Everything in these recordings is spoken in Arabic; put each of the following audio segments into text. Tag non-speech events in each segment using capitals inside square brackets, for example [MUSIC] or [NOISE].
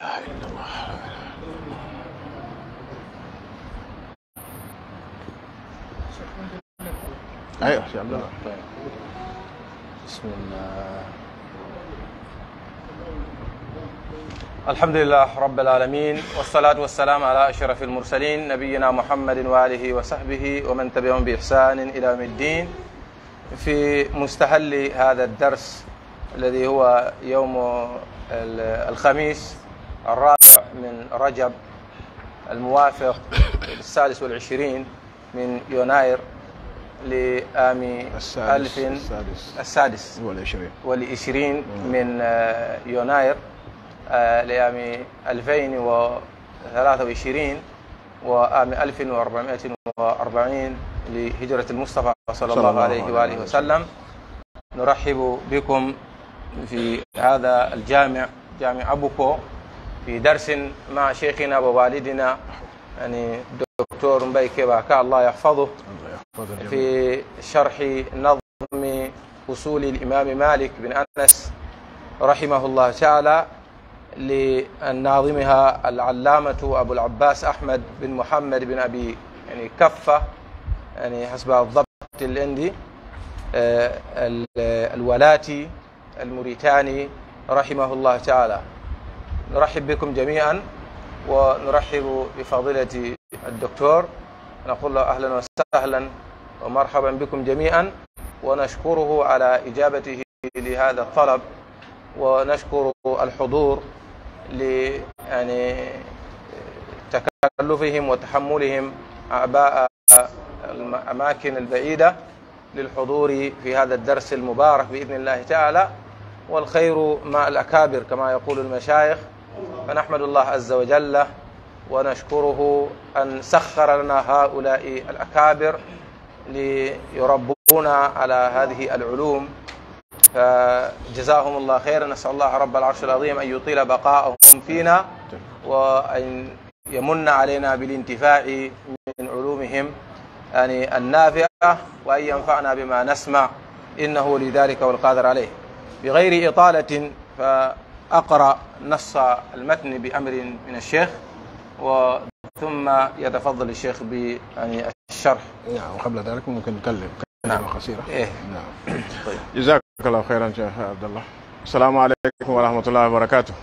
لا اله الا الله ايوه يا الله طيب بسم الله الحمد لله رب العالمين والصلاة والسلام على أشرف المرسلين نبينا محمد وآله وصحبه ومن تبعهم بإحسان إلى يوم الدين في مستهل هذا الدرس الذي هو يوم الخميس الرابع من رجب الموافق السادس والعشرين من يناير لعام السادس, السادس, السادس والعشرين والعشرين من آه، يناير لعام 2023 وعام 1440 لهجرة المصطفى صلى الله عليه وآله وسلم نرحب بكم في هذا الجامع جامع أبوكو في درس مع شيخنا ووالدنا يعني الدكتور مبيكي باكا الله يحفظه في شرح نظم أصول الإمام مالك بن أنس رحمه الله تعالى لناظمها العلامة أبو العباس أحمد بن محمد بن أبي يعني كفة يعني حسب الضبط عندي آه، الولاتي الموريتاني رحمه الله تعالى نرحب بكم جميعا ونرحب بفضيلة الدكتور نقول له أهلا وسهلا ومرحبا بكم جميعا ونشكره على إجابته لهذا الطلب ونشكر الحضور ل يعني تكلفهم وتحملهم أعباء الأماكن البعيدة للحضور في هذا الدرس المبارك بإذن الله تعالى والخير مع الأكابر كما يقول المشايخ فنحمد الله عز وجل ونشكره أن سخر لنا هؤلاء الأكابر ليربونا على هذه العلوم فجزاهم الله خيرا نسأل الله رب العرش العظيم أن يطيل بقاءهم فينا وأن يمن علينا بالانتفاع من علومهم يعني النافعة وأن ينفعنا بما نسمع إنه لذلك والقادر عليه بغير إطالة ف أقرأ نص المتن بأمر من الشيخ و ثم يتفضل الشيخ ب يعني الشرح نعم وقبل ذلك ممكن نتكلم كلمة نعم. قصيرة إيه. نعم [COUGHS] طيب. جزاك الله خيرا شيخ عبد الله السلام عليكم ورحمة الله وبركاته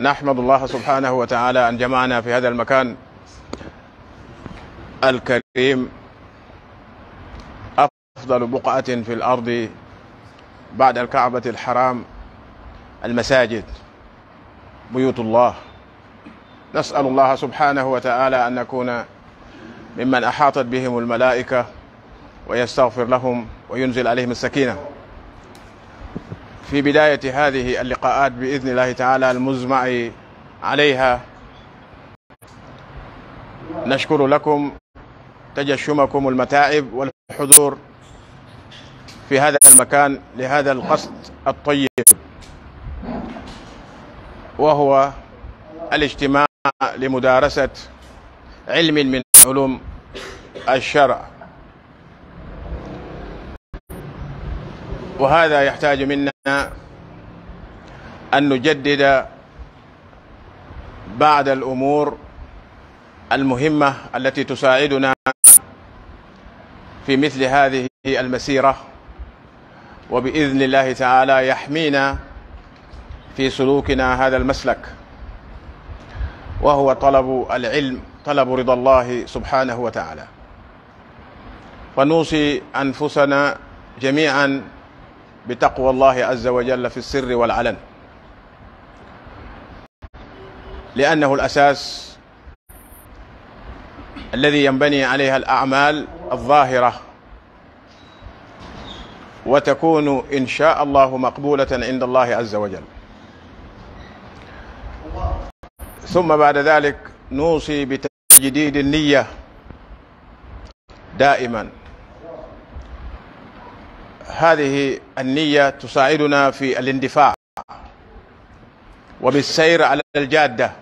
نحمد الله سبحانه وتعالى أن جمعنا في هذا المكان الكريم أفضل بقعة في الأرض بعد الكعبة الحرام المساجد بيوت الله نسأل الله سبحانه وتعالى أن نكون ممن أحاطت بهم الملائكة ويستغفر لهم وينزل عليهم السكينة في بداية هذه اللقاءات بإذن الله تعالى المزمع عليها نشكر لكم تجشمكم المتاعب والحضور في هذا المكان لهذا القصد الطيب وهو الاجتماع لمدارسة علم من علوم الشرع وهذا يحتاج منا أن نجدد بعض الأمور المهمة التي تساعدنا في مثل هذه المسيرة وبإذن الله تعالى يحمينا في سلوكنا هذا المسلك وهو طلب العلم طلب رضا الله سبحانه وتعالى فنوصي أنفسنا جميعا بتقوى الله عز وجل في السر والعلن لأنه الأساس الذي ينبني عليها الأعمال الظاهرة وتكون إن شاء الله مقبولة عند الله عز وجل ثم بعد ذلك نوصي بتجديد النية دائما هذه النية تساعدنا في الاندفاع وبالسير على الجادة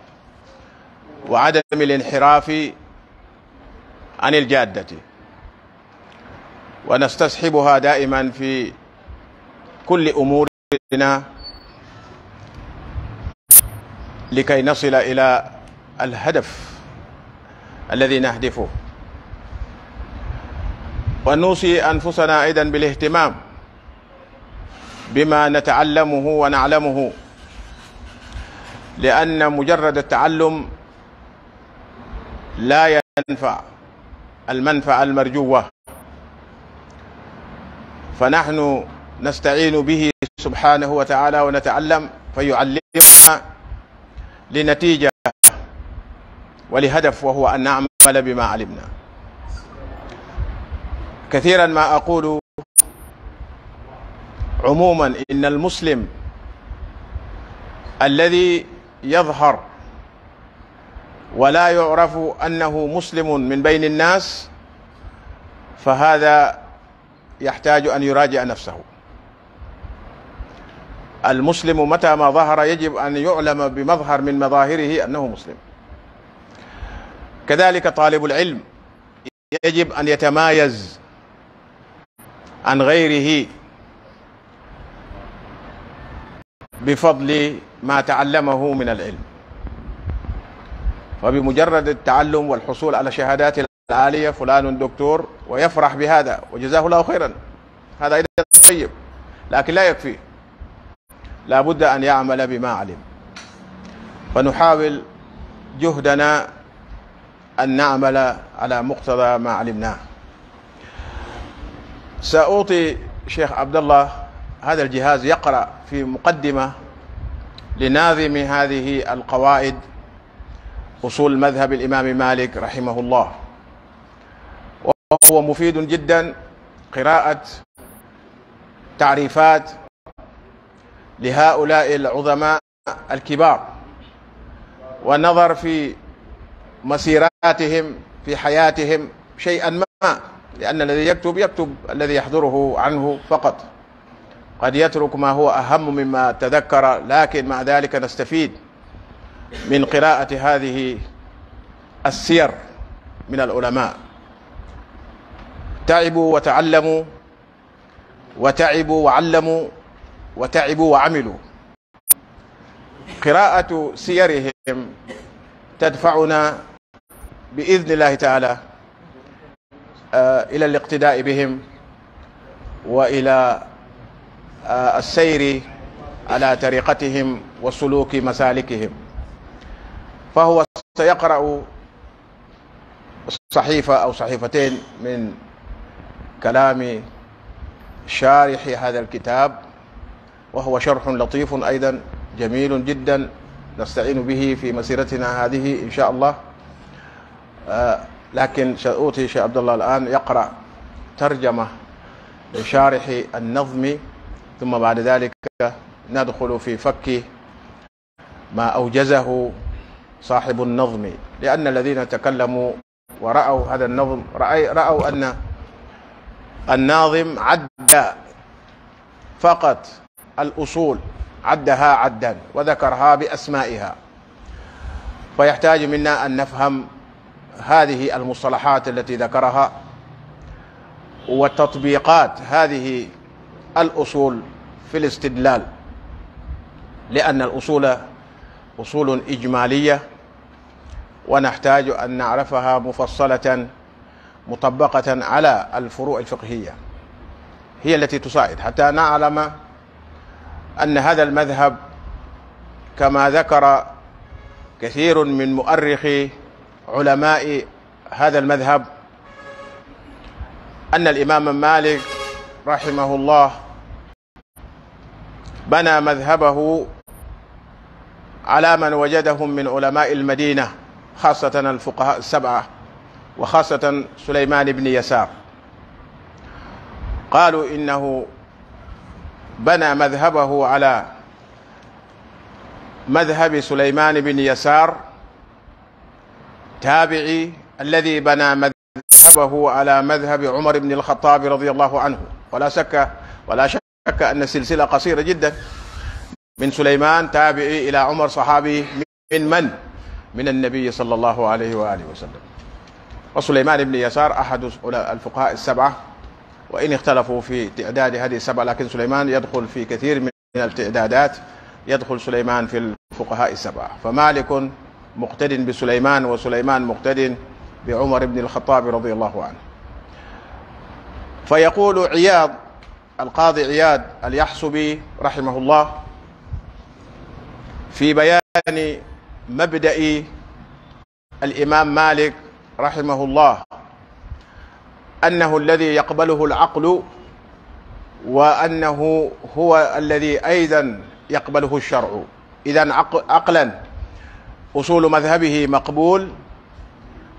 وعدم الانحراف عن الجادة ونستصحبها دائما في كل امورنا لكي نصل الى الهدف الذي نهدفه ونوصي انفسنا ايضا بالاهتمام بما نتعلمه ونعلمه لان مجرد التعلم لا ينفع المنفعه المرجوه فنحن نستعين به سبحانه وتعالى ونتعلم فيعلمنا لنتيجة ولهدف وهو أن نعمل بما علمنا كثيرا ما أقول عموما إن المسلم الذي يظهر ولا يعرف أنه مسلم من بين الناس فهذا يحتاج أن يراجع نفسه المسلم متى ما ظهر يجب أن يعلم بمظهر من مظاهره أنه مسلم كذلك طالب العلم يجب أن يتمايز عن غيره بفضل ما تعلمه من العلم وبمجرد التعلم والحصول على شهادات العالية فلان دكتور ويفرح بهذا وجزاه الله خيرا هذا أيضا طيب لكن لا يكفي لا بد أن يعمل بما علم فنحاول جهدنا أن نعمل على مقتضى ما علمناه سأعطي شيخ عبد الله هذا الجهاز يقرأ في مقدمة لناظم هذه القواعد أصول مذهب الإمام مالك رحمه الله وهو مفيد جدا قراءة تعريفات لهؤلاء العظماء الكبار والنظر في مسيراتهم في حياتهم شيئا ما لأن الذي يكتب يكتب الذي يحضره عنه فقط قد يترك ما هو أهم مما تذكر لكن مع ذلك نستفيد من قراءة هذه السير من العلماء تعبوا وتعلموا وتعبوا وعلموا وتعبوا وعملوا قراءة سيرهم تدفعنا بإذن الله تعالى آه، إلى الاقتداء بهم وإلى آه، السير على طريقتهم وسلوك مسالكهم فهو سيقرأ صحيفة أو صحيفتين من كلام شارح هذا الكتاب وهو شرح لطيف أيضا جميل جدا نستعين به في مسيرتنا هذه إن شاء الله آه، لكن سأوتي شيخ عبد الله الآن يقرأ ترجمة لشارح النظم ثم بعد ذلك ندخل في فك ما أوجزه صاحب النظم لأن الذين تكلموا ورأوا هذا النظم رأوا أن الناظم عد فقط الأصول عدها عدا وذكرها بأسمائها فيحتاج منا أن نفهم هذه المصطلحات التي ذكرها وتطبيقات هذه الأصول في الاستدلال لأن الأصول أصول إجمالية ونحتاج أن نعرفها مفصلة مطبقة على الفروع الفقهية هي التي تساعد حتى نعلم أن هذا المذهب كما ذكر كثير من مؤرخي علماء هذا المذهب أن الإمام مالك رحمه الله بنى مذهبه على من وجدهم من علماء المدينة خاصة الفقهاء السبعة وخاصة سليمان بن يسار قالوا إنه بنى مذهبه على مذهب سليمان بن يسار تابعي الذي بنى مذهبه على مذهب عمر بن الخطاب رضي الله عنه ولا شك ولا شك أن سلسلة قصيرة جدا من سليمان تابعي إلى عمر صحابي من من من النبي صلى الله عليه وآله وسلم وسليمان بن يسار أحد الفقهاء السبعة وإن اختلفوا في تعداد هذه السبعة لكن سليمان يدخل في كثير من التعدادات يدخل سليمان في الفقهاء السبعة فمالك مقتد بسليمان وسليمان مقتد بعمر بن الخطاب رضي الله عنه فيقول عياض القاضي عياد اليحسبي رحمه الله في بيان مبدأ الإمام مالك رحمه الله أنه الذي يقبله العقل وأنه هو الذي أيضا يقبله الشرع إذا عقلا أصول مذهبه مقبول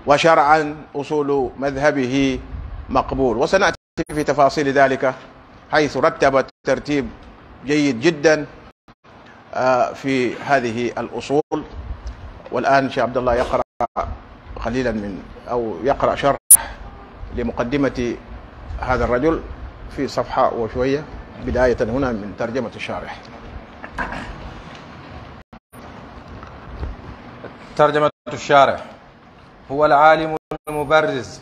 وشرعا أصول مذهبه مقبول وسنأتي في تفاصيل ذلك حيث رتب ترتيب جيد جدا آه، في هذه الأصول والآن شيخ عبد الله يقرأ قليلا من أو يقرأ شرح لمقدمة هذا الرجل في صفحة وشوية بداية هنا من ترجمة الشارح ترجمة الشارح هو العالم المبرز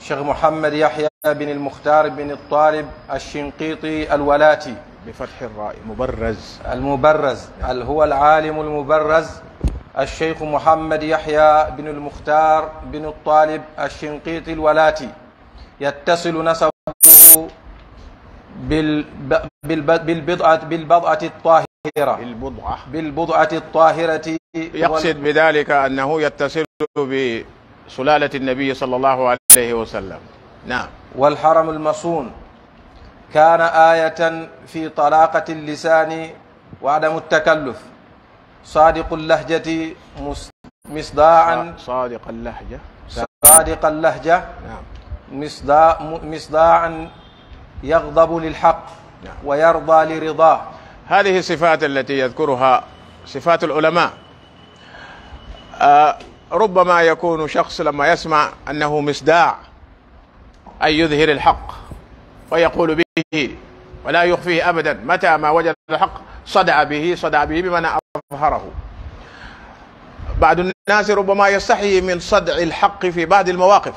شيخ محمد يحيى بن المختار بن الطالب الشنقيطي الولاتي بفتح الراء مبرز المبرز هو العالم المبرز الشيخ محمد يحيى بن المختار بن الطالب الشنقيطي الولاتي يتصل نسبه بالبضعة بالبضعة الطاهرة بالبضعة بالبضعة الطاهرة يقصد بذلك أنه يتصل بسلالة النبي صلى الله عليه وسلم نعم والحرم المصون كان آية في طلاقة اللسان وعدم التكلف صادق اللهجة مصداعا صادق اللهجة صادق اللهجة نعم مصداع مصداعا يغضب للحق نعم. ويرضى لرضاه هذه الصفات التي يذكرها صفات العلماء آه، ربما يكون شخص لما يسمع انه مصداع اي يظهر الحق ويقول به ولا يخفيه ابدا متى ما وجد الحق صدع به صدع به بمعنى مظهره بعض الناس ربما يستحي من صدع الحق في بعض المواقف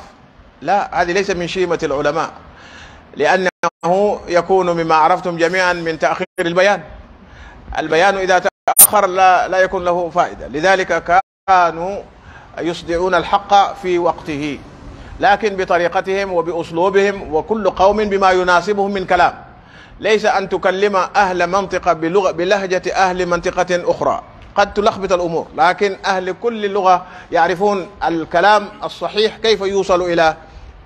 لا هذه ليس من شيمة العلماء لأنه يكون مما عرفتم جميعا من تأخير البيان البيان إذا تأخر لا, لا يكون له فائدة لذلك كانوا يصدعون الحق في وقته لكن بطريقتهم وبأسلوبهم وكل قوم بما يناسبهم من كلام ليس أن تكلم أهل منطقة بلغة بلهجة أهل منطقة أخرى قد تلخبط الأمور لكن أهل كل لغة يعرفون الكلام الصحيح كيف يوصل إلى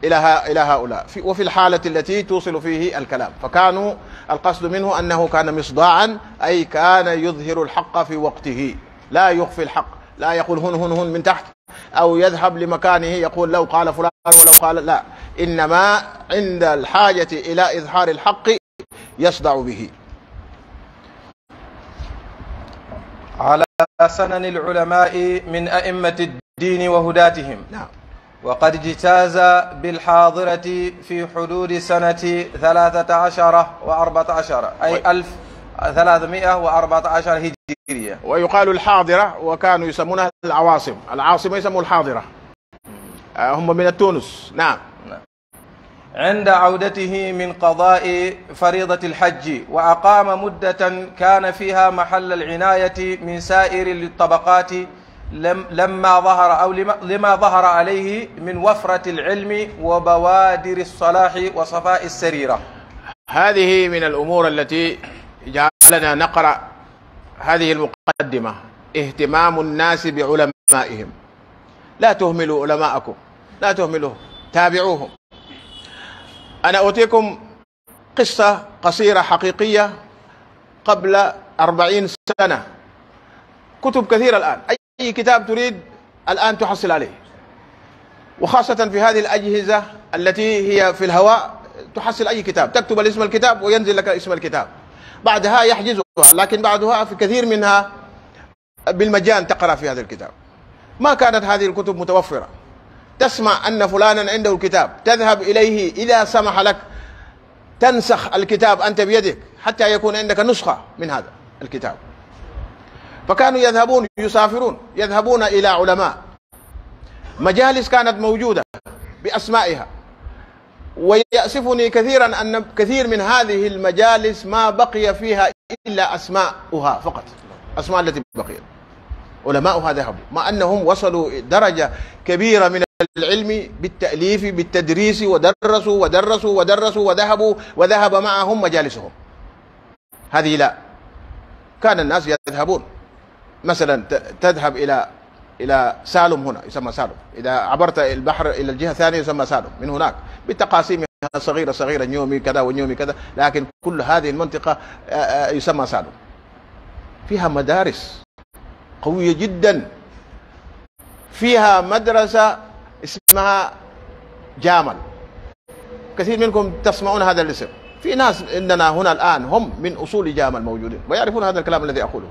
إلى إلى هؤلاء في وفي الحالة التي توصل فيه الكلام فكانوا القصد منه أنه كان مصداعا أي كان يظهر الحق في وقته لا يخفي الحق لا يقول هن هن هن من تحت أو يذهب لمكانه يقول لو قال فلان ولو قال لا إنما عند الحاجة إلى إظهار الحق يصدع به على سنن العلماء من أئمة الدين وهداتهم نعم وقد اجتاز بالحاضرة في حدود سنة ثلاثة عشر وأربعة عشر أي 1314 ألف ثلاثمائة وأربعة عشر هجرية ويقال الحاضرة وكانوا يسمونها العواصم العاصمة يسموا الحاضرة آه، هم من تونس نعم عند عودته من قضاء فريضة الحج وأقام مدة كان فيها محل العناية من سائر الطبقات لما ظهر أو لما ظهر عليه من وفرة العلم وبوادر الصلاح وصفاء السريرة هذه من الأمور التي جعلنا نقرأ هذه المقدمة اهتمام الناس بعلمائهم لا تهملوا علماءكم لا تهملوهم تابعوهم أنا أوتيكم قصة قصيرة حقيقية قبل أربعين سنة كتب كثيرة الآن أي كتاب تريد الآن تحصل عليه وخاصة في هذه الأجهزة التي هي في الهواء تحصل أي كتاب تكتب الاسم الكتاب وينزل لك اسم الكتاب بعدها يحجزها لكن بعدها في كثير منها بالمجان تقرأ في هذا الكتاب ما كانت هذه الكتب متوفرة تسمع أن فلانا عنده كتاب تذهب إليه إذا سمح لك تنسخ الكتاب أنت بيدك حتى يكون عندك نسخة من هذا الكتاب فكانوا يذهبون يسافرون يذهبون إلى علماء مجالس كانت موجودة بأسمائها ويأسفني كثيرا أن كثير من هذه المجالس ما بقي فيها إلا أسماؤها فقط أسماء التي بقيت علماؤها ذهبوا مع أنهم وصلوا درجة كبيرة من العلم بالتأليف بالتدريس ودرسوا ودرسوا ودرسوا وذهبوا وذهب معهم مجالسهم هذه لا كان الناس يذهبون مثلا تذهب إلى إلى سالم هنا يسمى سالم إذا عبرت البحر إلى الجهة الثانية يسمى سالم من هناك بتقاسيم صغيرة صغيرة نيومي كذا ونيومي كذا لكن كل هذه المنطقة يسمى سالم فيها مدارس قوية جدا فيها مدرسة اسمها جامل كثير منكم تسمعون هذا الاسم في ناس عندنا هنا الان هم من اصول جامل موجودين ويعرفون هذا الكلام الذي اقوله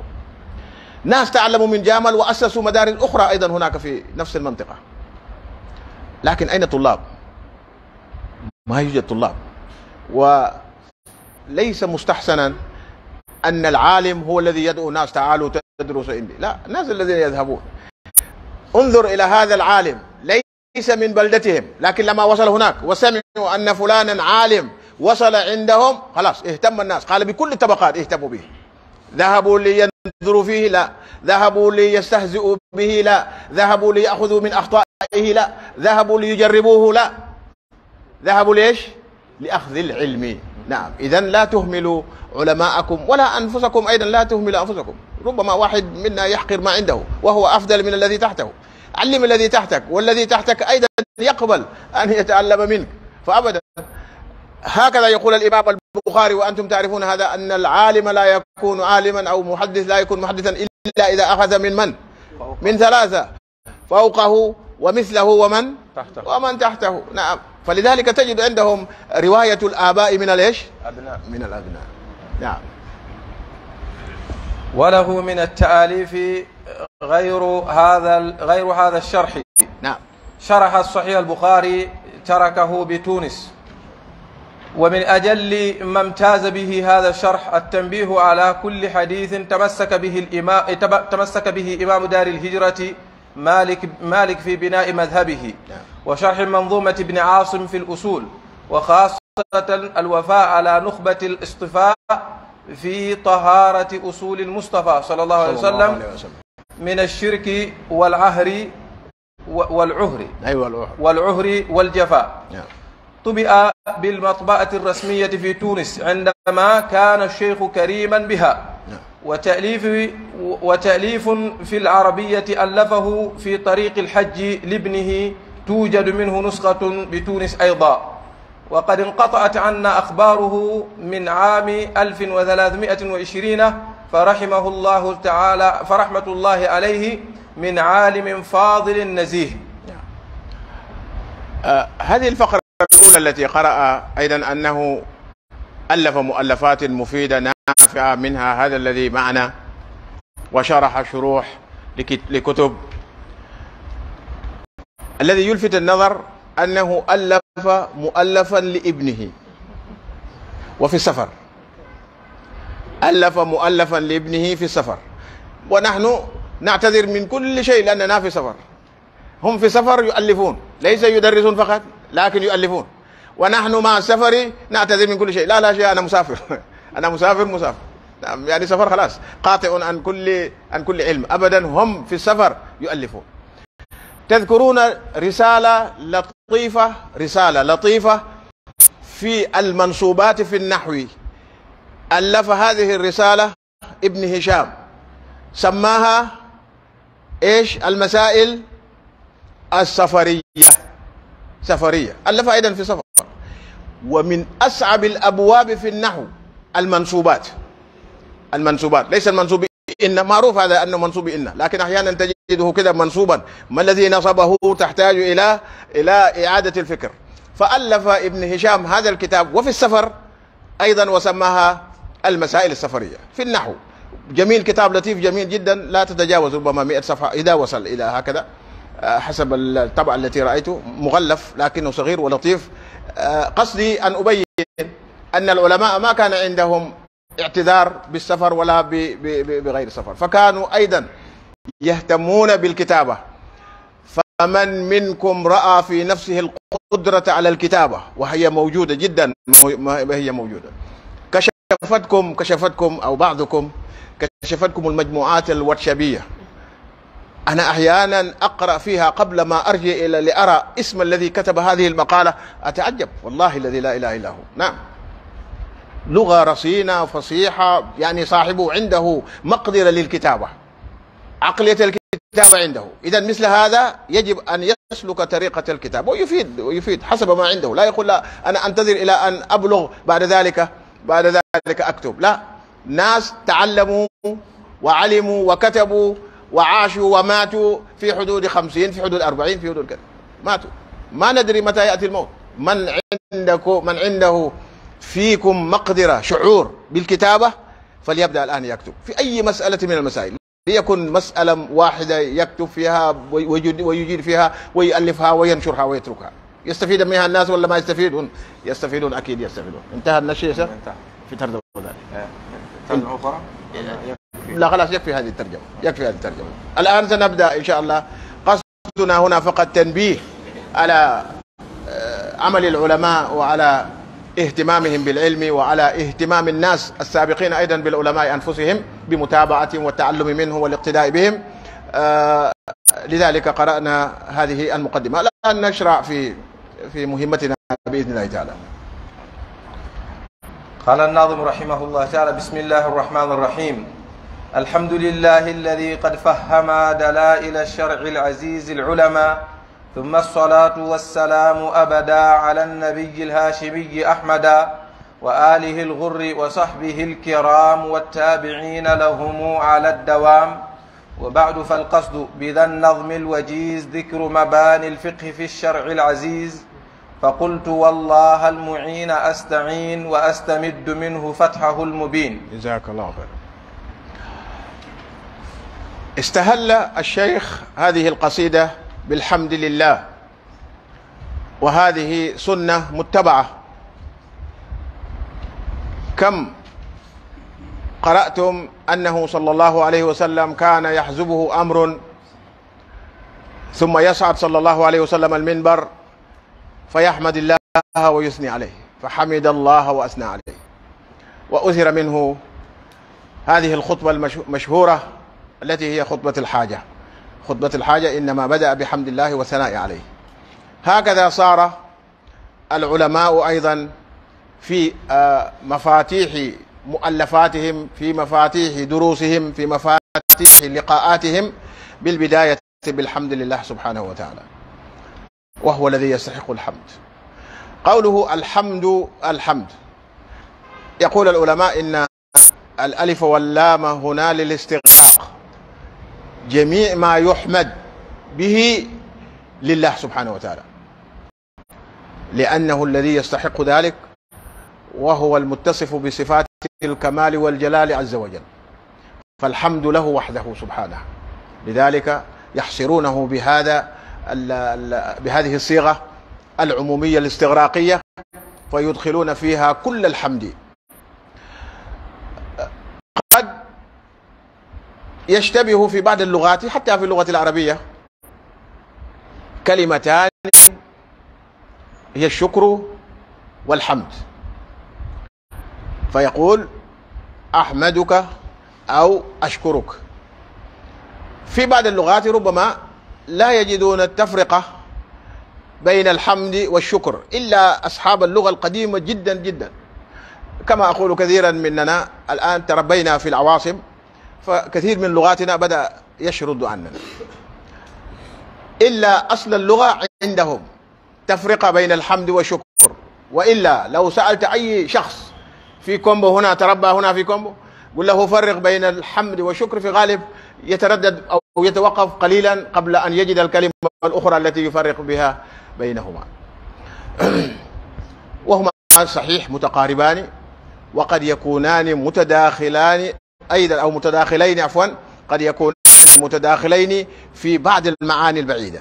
ناس تعلموا من جامل واسسوا مدارس اخرى ايضا هناك في نفس المنطقه لكن اين الطلاب ما يوجد طلاب وليس مستحسنا ان العالم هو الذي يدعو الناس تعالوا تدرسوا عندي لا الناس الذين يذهبون انظر الى هذا العالم ليس من بلدتهم لكن لما وصل هناك وسمعوا أن فلانا عالم وصل عندهم خلاص اهتم الناس قال بكل الطبقات اهتموا به ذهبوا لينظروا فيه لا ذهبوا ليستهزئوا به لا ذهبوا ليأخذوا من أخطائه لا ذهبوا ليجربوه لا ذهبوا ليش لأخذ العلم نعم إذا لا تهملوا علماءكم ولا أنفسكم أيضا لا تهملوا أنفسكم ربما واحد منا يحقر ما عنده وهو أفضل من الذي تحته علم الذي تحتك والذي تحتك أيضا يقبل أن يتعلم منك فأبدا هكذا يقول الإمام البخاري وأنتم تعرفون هذا أن العالم لا يكون عالما أو محدث لا يكون محدثا إلا إذا أخذ من من من ثلاثة فوقه ومثله ومن تحته ومن تحته نعم فلذلك تجد عندهم رواية الآباء من الإيش أبناء من الأبناء نعم وله من التآليف غير هذا غير هذا الشرح نعم شرح الصحيح البخاري تركه بتونس ومن أجل ما امتاز به هذا الشرح التنبيه على كل حديث تمسك به الإمام تمسك به إمام دار الهجرة مالك مالك في بناء مذهبه نعم. وشرح منظومة ابن عاصم في الأصول وخاصة الوفاء على نخبة الاصطفاء في طهارة أصول المصطفى صلى الله عليه وسلم من الشرك والعهر والعهر أيوة والعهر والجفاء نعم. طبئ بالمطبعة الرسمية في تونس عندما كان الشيخ كريما بها نعم. وتأليف وتأليف في العربية ألفه في طريق الحج لابنه توجد منه نسخة بتونس أيضا وقد انقطعت عنا أخباره من عام 1320 فرحمه الله تعالى فرحمة الله عليه من عالم فاضل نزيه آه، هذه الفقرة الأولى التي قرأ أيضا أنه ألف مؤلفات مفيدة نافعة منها هذا الذي معنا وشرح شروح لكتب الذي يلفت النظر أنه ألف مؤلفا لابنه وفي السفر ألف مؤلفا لابنه في السفر ونحن نعتذر من كل شيء لأننا في سفر هم في سفر يؤلفون ليس يدرسون فقط لكن يؤلفون ونحن مع السفر نعتذر من كل شيء لا لا شيء أنا مسافر [LAUGHS] أنا مسافر مسافر نعم، يعني سفر خلاص قاطع عن كل عن كل علم أبدا هم في السفر يؤلفون تذكرون رسالة لطيفة رسالة لطيفة في المنصوبات في النحو ألف هذه الرسالة ابن هشام سماها إيش المسائل السفرية سفرية ألفها أيضا في سفر ومن أصعب الأبواب في النحو المنصوبات المنصوبات ليس المنصوب إن معروف هذا أنه منصوب إن لكن أحيانا تجده كده منصوبا ما الذي نصبه تحتاج إلى إلى إعادة الفكر فألف ابن هشام هذا الكتاب وفي السفر أيضا وسماها المسائل السفرية في النحو جميل كتاب لطيف جميل جدا لا تتجاوز ربما 100 صفحة إذا وصل إلى هكذا آه، حسب الطبعة التي رأيته مغلف لكنه صغير ولطيف آه، قصدي أن أبين أن العلماء ما كان عندهم اعتذار بالسفر ولا بغير السفر فكانوا أيضا يهتمون بالكتابة فمن منكم رأى في نفسه القدرة على الكتابة وهي موجودة جدا هي موجودة كشفتكم كشفتكم او بعضكم كشفتكم المجموعات الواتشابيه انا احيانا اقرا فيها قبل ما ارجع الى لارى اسم الذي كتب هذه المقاله اتعجب والله الذي لا اله الا هو نعم لغه رصينه فصيحه يعني صاحبه عنده مقدره للكتابه عقليه الكتابه عنده اذا مثل هذا يجب ان يسلك طريقه الكتاب ويفيد ويفيد حسب ما عنده لا يقول لا انا انتظر الى ان ابلغ بعد ذلك بعد ذلك أكتب لا ناس تعلموا وعلموا وكتبوا وعاشوا وماتوا في حدود خمسين في حدود أربعين في حدود كذا ماتوا ما ندري متى يأتي الموت من عندكم من عنده فيكم مقدرة شعور بالكتابة فليبدأ الآن يكتب في أي مسألة من المسائل ليكن مسألة واحدة يكتب فيها ويجيد فيها ويؤلفها وينشرها ويتركها يستفيد منها الناس ولا ما يستفيدون يستفيدون اكيد يستفيدون انتهى النشيد في ترجمه ذلك ترجمه اخرى لا خلاص يكفي هذه الترجمه يكفي هذه الترجمه الان سنبدا ان شاء الله قصدنا هنا فقط تنبيه على آه، عمل العلماء وعلى اهتمامهم بالعلم وعلى اهتمام الناس السابقين ايضا بالعلماء انفسهم بمتابعه والتعلم منه والاقتداء بهم آه، لذلك قرانا هذه المقدمه الان نشرع في في مهمتنا بإذن الله تعالى قال الناظم رحمه الله تعالى بسم الله الرحمن الرحيم الحمد لله الذي قد فهم دلائل الشرع العزيز العلماء ثم الصلاة والسلام أبدا على النبي الهاشمي أحمدا وآله الغر وصحبه الكرام والتابعين لهم على الدوام وبعد فالقصد بذا النظم الوجيز ذكر مباني الفقه في الشرع العزيز فقلت والله المعين أستعين وأستمد منه فتحه المبين جزاك الله خير استهل الشيخ هذه القصيدة بالحمد لله وهذه سنة متبعة كم قرأتم أنه صلى الله عليه وسلم كان يحزبه أمر ثم يصعد صلى الله عليه وسلم المنبر فيحمد الله ويثني عليه فحمد الله وأثنى عليه وأثر منه هذه الخطبة المشهورة التي هي خطبة الحاجة خطبة الحاجة إنما بدأ بحمد الله وثناء عليه هكذا صار العلماء أيضا في آه، مفاتيح مؤلفاتهم في مفاتيح دروسهم في مفاتيح لقاءاتهم بالبداية بالحمد لله سبحانه وتعالى وهو الذي يستحق الحمد قوله الحمد الحمد يقول العلماء إن الألف واللام هنا للاستغراق جميع ما يحمد به لله سبحانه وتعالى لأنه الذي يستحق ذلك وهو المتصف بصفات الكمال والجلال عز وجل فالحمد له وحده سبحانه لذلك يحصرونه بهذا بهذه الصيغة العمومية الاستغراقية فيدخلون فيها كل الحمد قد يشتبه في بعض اللغات حتى في اللغة العربية كلمتان هي الشكر والحمد فيقول أحمدك أو أشكرك في بعض اللغات ربما لا يجدون التفرقة بين الحمد والشكر إلا أصحاب اللغة القديمة جدا جدا كما أقول كثيرا مننا الآن تربينا في العواصم فكثير من لغاتنا بدأ يشرد عننا إلا أصل اللغة عندهم تفرقة بين الحمد والشكر وإلا لو سألت أي شخص في كومبو هنا تربى هنا في كومبو قل له فرق بين الحمد والشكر في غالب يتردد أو يتوقف قليلا قبل أن يجد الكلمة الأخرى التي يفرق بها بينهما [CLEARS THROAT] وهما صحيح متقاربان وقد يكونان متداخلان أيضا أو متداخلين عفوا قد يكون متداخلين في بعض المعاني البعيدة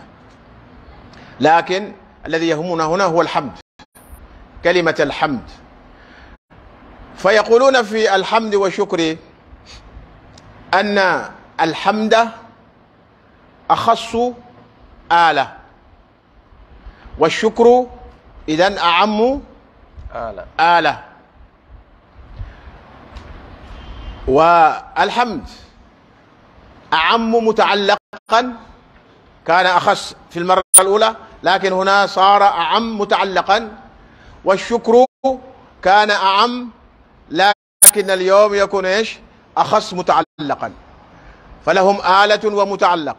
لكن الذي يهمنا هنا هو الحمد كلمة الحمد فيقولون في الحمد والشكر أن الحمد أخص آلة والشكر إذا أعم آلة آلة والحمد أعم متعلقا كان أخص في المرة الأولى لكن هنا صار أعم متعلقا والشكر كان أعم لكن اليوم يكون إيش أخص متعلقا فلهم آلة ومتعلق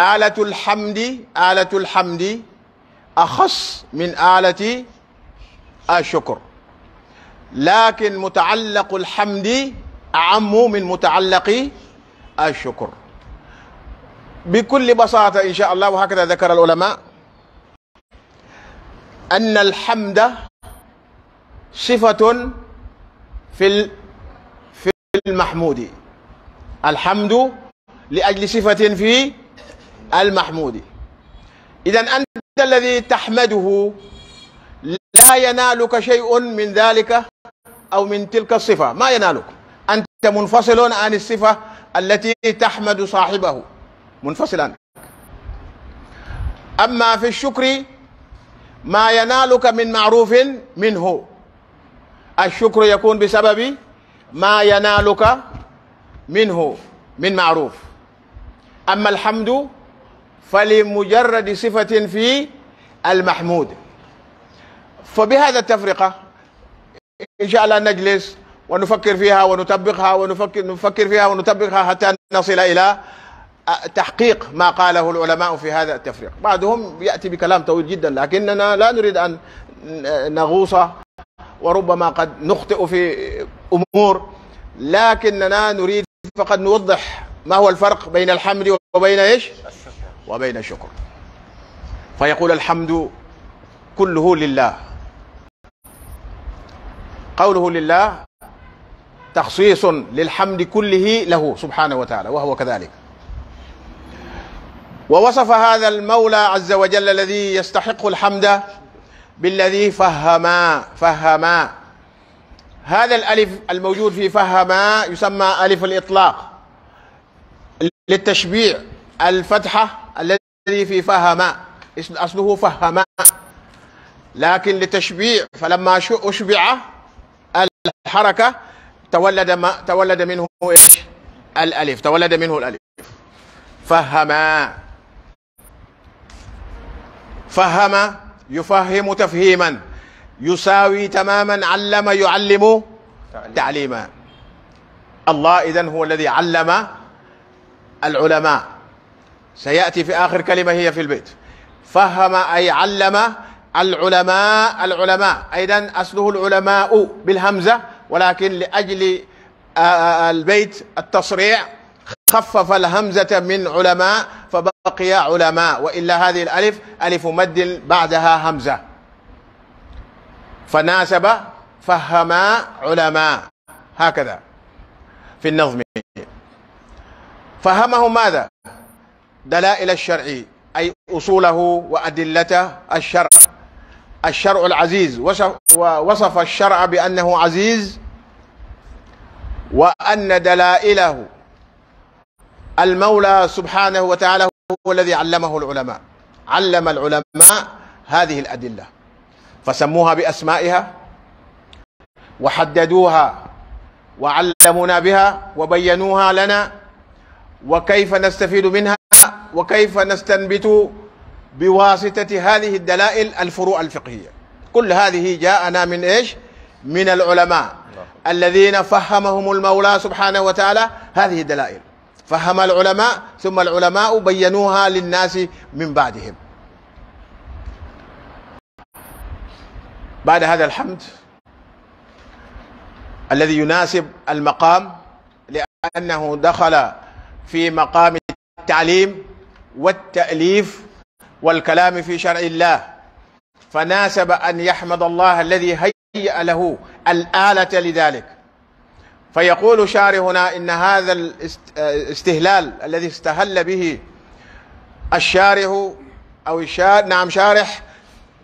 آلة الحمد آلة الحمد أخص من آلة الشكر لكن متعلق الحمد أعم من متعلق الشكر بكل بساطة إن شاء الله وهكذا ذكر العلماء أن الحمد صفة في في المحمود الحمد لأجل صفة في المحمود إذا أنت الذي تحمده لا ينالك شيء من ذلك أو من تلك الصفة ما ينالك أنت منفصل عن الصفة التي تحمد صاحبه منفصلا أما في الشكر ما ينالك من معروف منه الشكر يكون بسبب ما ينالك منه من معروف أما الحمد فلمجرد صفة في المحمود فبهذا التفرقة إن شاء الله نجلس ونفكر فيها ونطبقها ونفكر نفكر فيها ونطبقها حتى نصل إلى تحقيق ما قاله العلماء في هذا التفريق بعضهم يأتي بكلام طويل جدا لكننا لا نريد أن نغوص وربما قد نخطئ في أمور لكننا نريد فقد نوضح ما هو الفرق بين الحمد وبين إيش وبين شكر فيقول الحمد كله لله قوله لله تخصيص للحمد كله له سبحانه وتعالى وهو كذلك ووصف هذا المولى عز وجل الذي يستحق الحمد بالذي فهما فهما هذا الألف الموجود في فهما يسمى ألف الإطلاق للتشبيع الفتحة الذي في فهم أصله فهم لكن لتشبيع فلما أشبع الحركة تولد ما تولد منه إيش الألف تولد منه الألف فهما فهم يفهم تفهيما يساوي تماما علم يعلم تعليما الله إذن هو الذي علم العلماء سيأتي في آخر كلمة هي في البيت فهم أي علم العلماء العلماء أيضا أصله العلماء بالهمزة ولكن لأجل آه، آه، البيت التصريع خفف الهمزة من علماء فبقي علماء وإلا هذه الألف ألف مد بعدها همزة فناسب فهما علماء هكذا في النظم فهمهم ماذا دلائل الشرع أي أصوله وأدلته الشرع الشرع العزيز وصف, وصف الشرع بأنه عزيز وأن دلائله المولى سبحانه وتعالى هو الذي علمه العلماء علم العلماء هذه الأدلة فسموها بأسمائها وحددوها وعلمونا بها وبينوها لنا وكيف نستفيد منها وكيف نستنبت بواسطة هذه الدلائل الفروع الفقهية كل هذه جاءنا من إيش من العلماء نعم. الذين فهمهم المولى سبحانه وتعالى هذه الدلائل فهم العلماء ثم العلماء بينوها للناس من بعدهم بعد هذا الحمد الذي يناسب المقام لأنه دخل في مقام التعليم والتأليف والكلام في شرع الله فناسب أن يحمد الله الذي هيئ له الآلة لذلك فيقول شارحنا هنا إن هذا الاستهلال الذي استهل به الشارح أو الشارح نعم شارح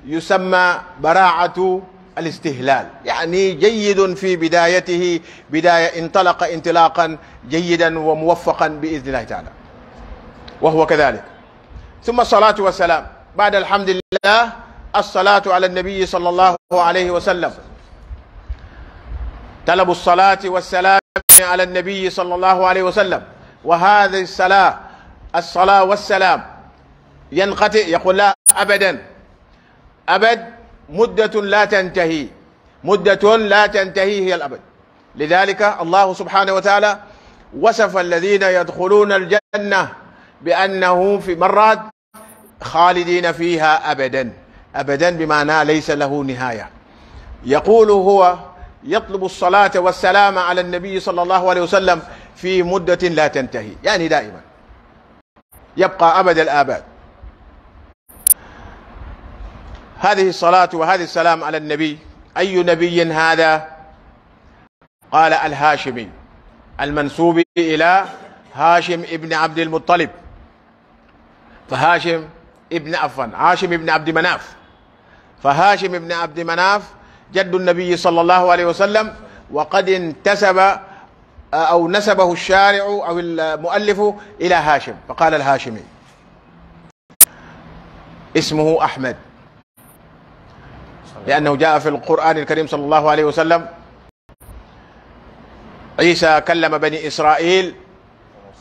يسمى براعة الاستهلال يعني جيد في بدايته بداية انطلق انطلاقا جيدا وموفقا بإذن الله تعالى وهو كذلك ثم الصلاة والسلام بعد الحمد لله الصلاة على النبي صلى الله عليه وسلم طلب الصلاة والسلام على النبي صلى الله عليه وسلم وهذه الصلاة الصلاة والسلام ينقطع يقول لا أبدا أبد مدة لا تنتهي مدة لا تنتهي هي الأبد لذلك الله سبحانه وتعالى وصف الذين يدخلون الجنة بأنه في مرات خالدين فيها أبدا أبدا بمعنى ليس له نهاية يقول هو يطلب الصلاة والسلام على النبي صلى الله عليه وسلم في مدة لا تنتهي يعني دائما يبقى أبد الآباد هذه الصلاة وهذه السلام على النبي أي نبي هذا قال الهاشمي المنسوب إلى هاشم ابن عبد المطلب فهاشم ابن عفوا هاشم ابن عبد مناف فهاشم ابن عبد مناف جد النبي صلى الله عليه وسلم وقد انتسب آه، أو نسبه الشارع أو المؤلف إلى هاشم فقال الهاشمي اسمه أحمد لأنه جاء في القرآن الكريم صلى الله عليه وسلم عيسى كلم بني إسرائيل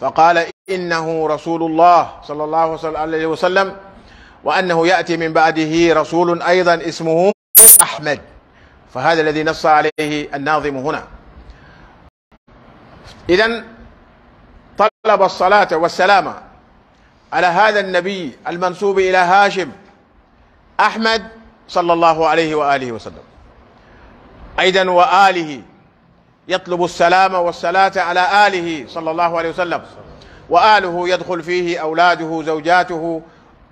فقال إنه رسول الله صلى الله عليه وسلم وأنه يأتي من بعده رسول أيضا اسمه أحمد فهذا الذي نص عليه الناظم هنا إذا طلب الصلاة والسلام على هذا النبي المنسوب إلى هاشم أحمد صلى الله عليه وآله وسلم أيضا وآله يطلب السلام والصلاة على آله صلى الله عليه وسلم وآله يدخل فيه أولاده زوجاته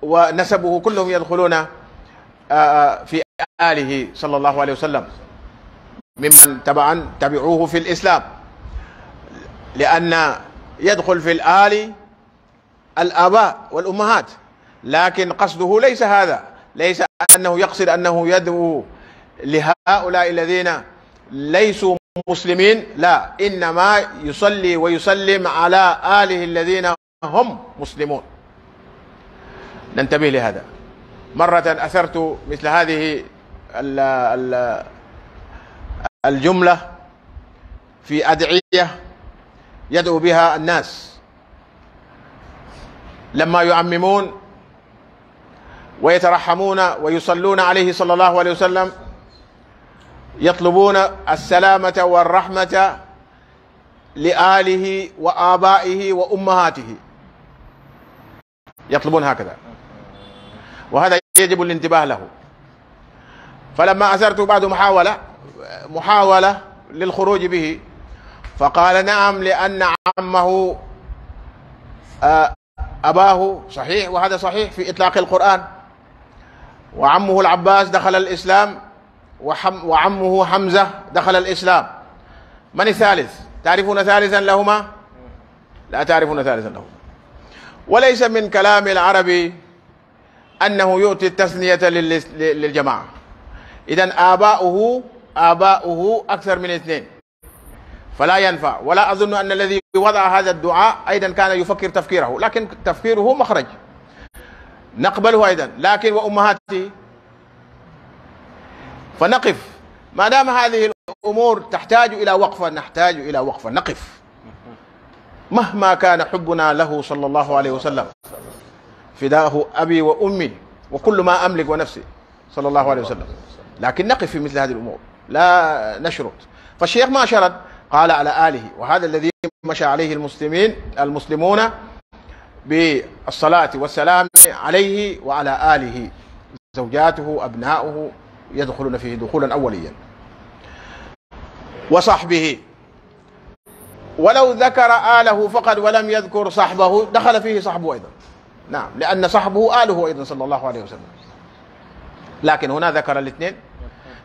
ونسبه كلهم يدخلون آه، آه، في آله صلى الله عليه وسلم ممن تبعا تبعوه في الإسلام لأن يدخل في الآل الآباء والأمهات لكن قصده ليس هذا ليس أنه يقصد أنه يدعو لهؤلاء الذين ليسوا مسلمين لا إنما يصلي ويسلم على آله الذين هم مسلمون ننتبه لهذا مرة أثرت مثل هذه الجملة في أدعية يدعو بها الناس لما يعممون ويترحمون ويصلون عليه صلى الله عليه وسلم يطلبون السلامة والرحمة لآله وآبائه وأمهاته يطلبون هكذا وهذا يجب الانتباه له فلما أثرت بعد محاولة محاولة للخروج به فقال نعم لأن عمه آه، أباه صحيح وهذا صحيح في إطلاق القرآن وعمه العباس دخل الإسلام وحم وعمه حمزة دخل الإسلام من الثالث تعرفون ثالثا لهما لا تعرفون ثالثا لهما وليس من كلام العربي أنه يؤتي التثنية للجماعة إذا آباؤه آباؤه أكثر من اثنين فلا ينفع ولا أظن أن الذي وضع هذا الدعاء أيضا كان يفكر تفكيره لكن تفكيره مخرج نقبله أيضا لكن وامهاتي فنقف ما دام هذه الأمور تحتاج إلى وقفة نحتاج إلى وقفة نقف مهما كان حبنا له صلى الله عليه وسلم فداه أبي وأمي وكل ما أملك ونفسي صلى الله عليه وسلم لكن نقف في مثل هذه الأمور لا نشرط فالشيخ ما شرد قال على آله وهذا الذي مشى عليه المسلمين المسلمون بالصلاة والسلام عليه وعلى آله زوجاته أبناؤه يدخلون فيه دخولا أوليا وصحبه ولو ذكر آله فقد ولم يذكر صحبه دخل فيه صحبه أيضا نعم لأن صحبه آله أيضا صلى الله عليه وسلم لكن هنا ذكر الاثنين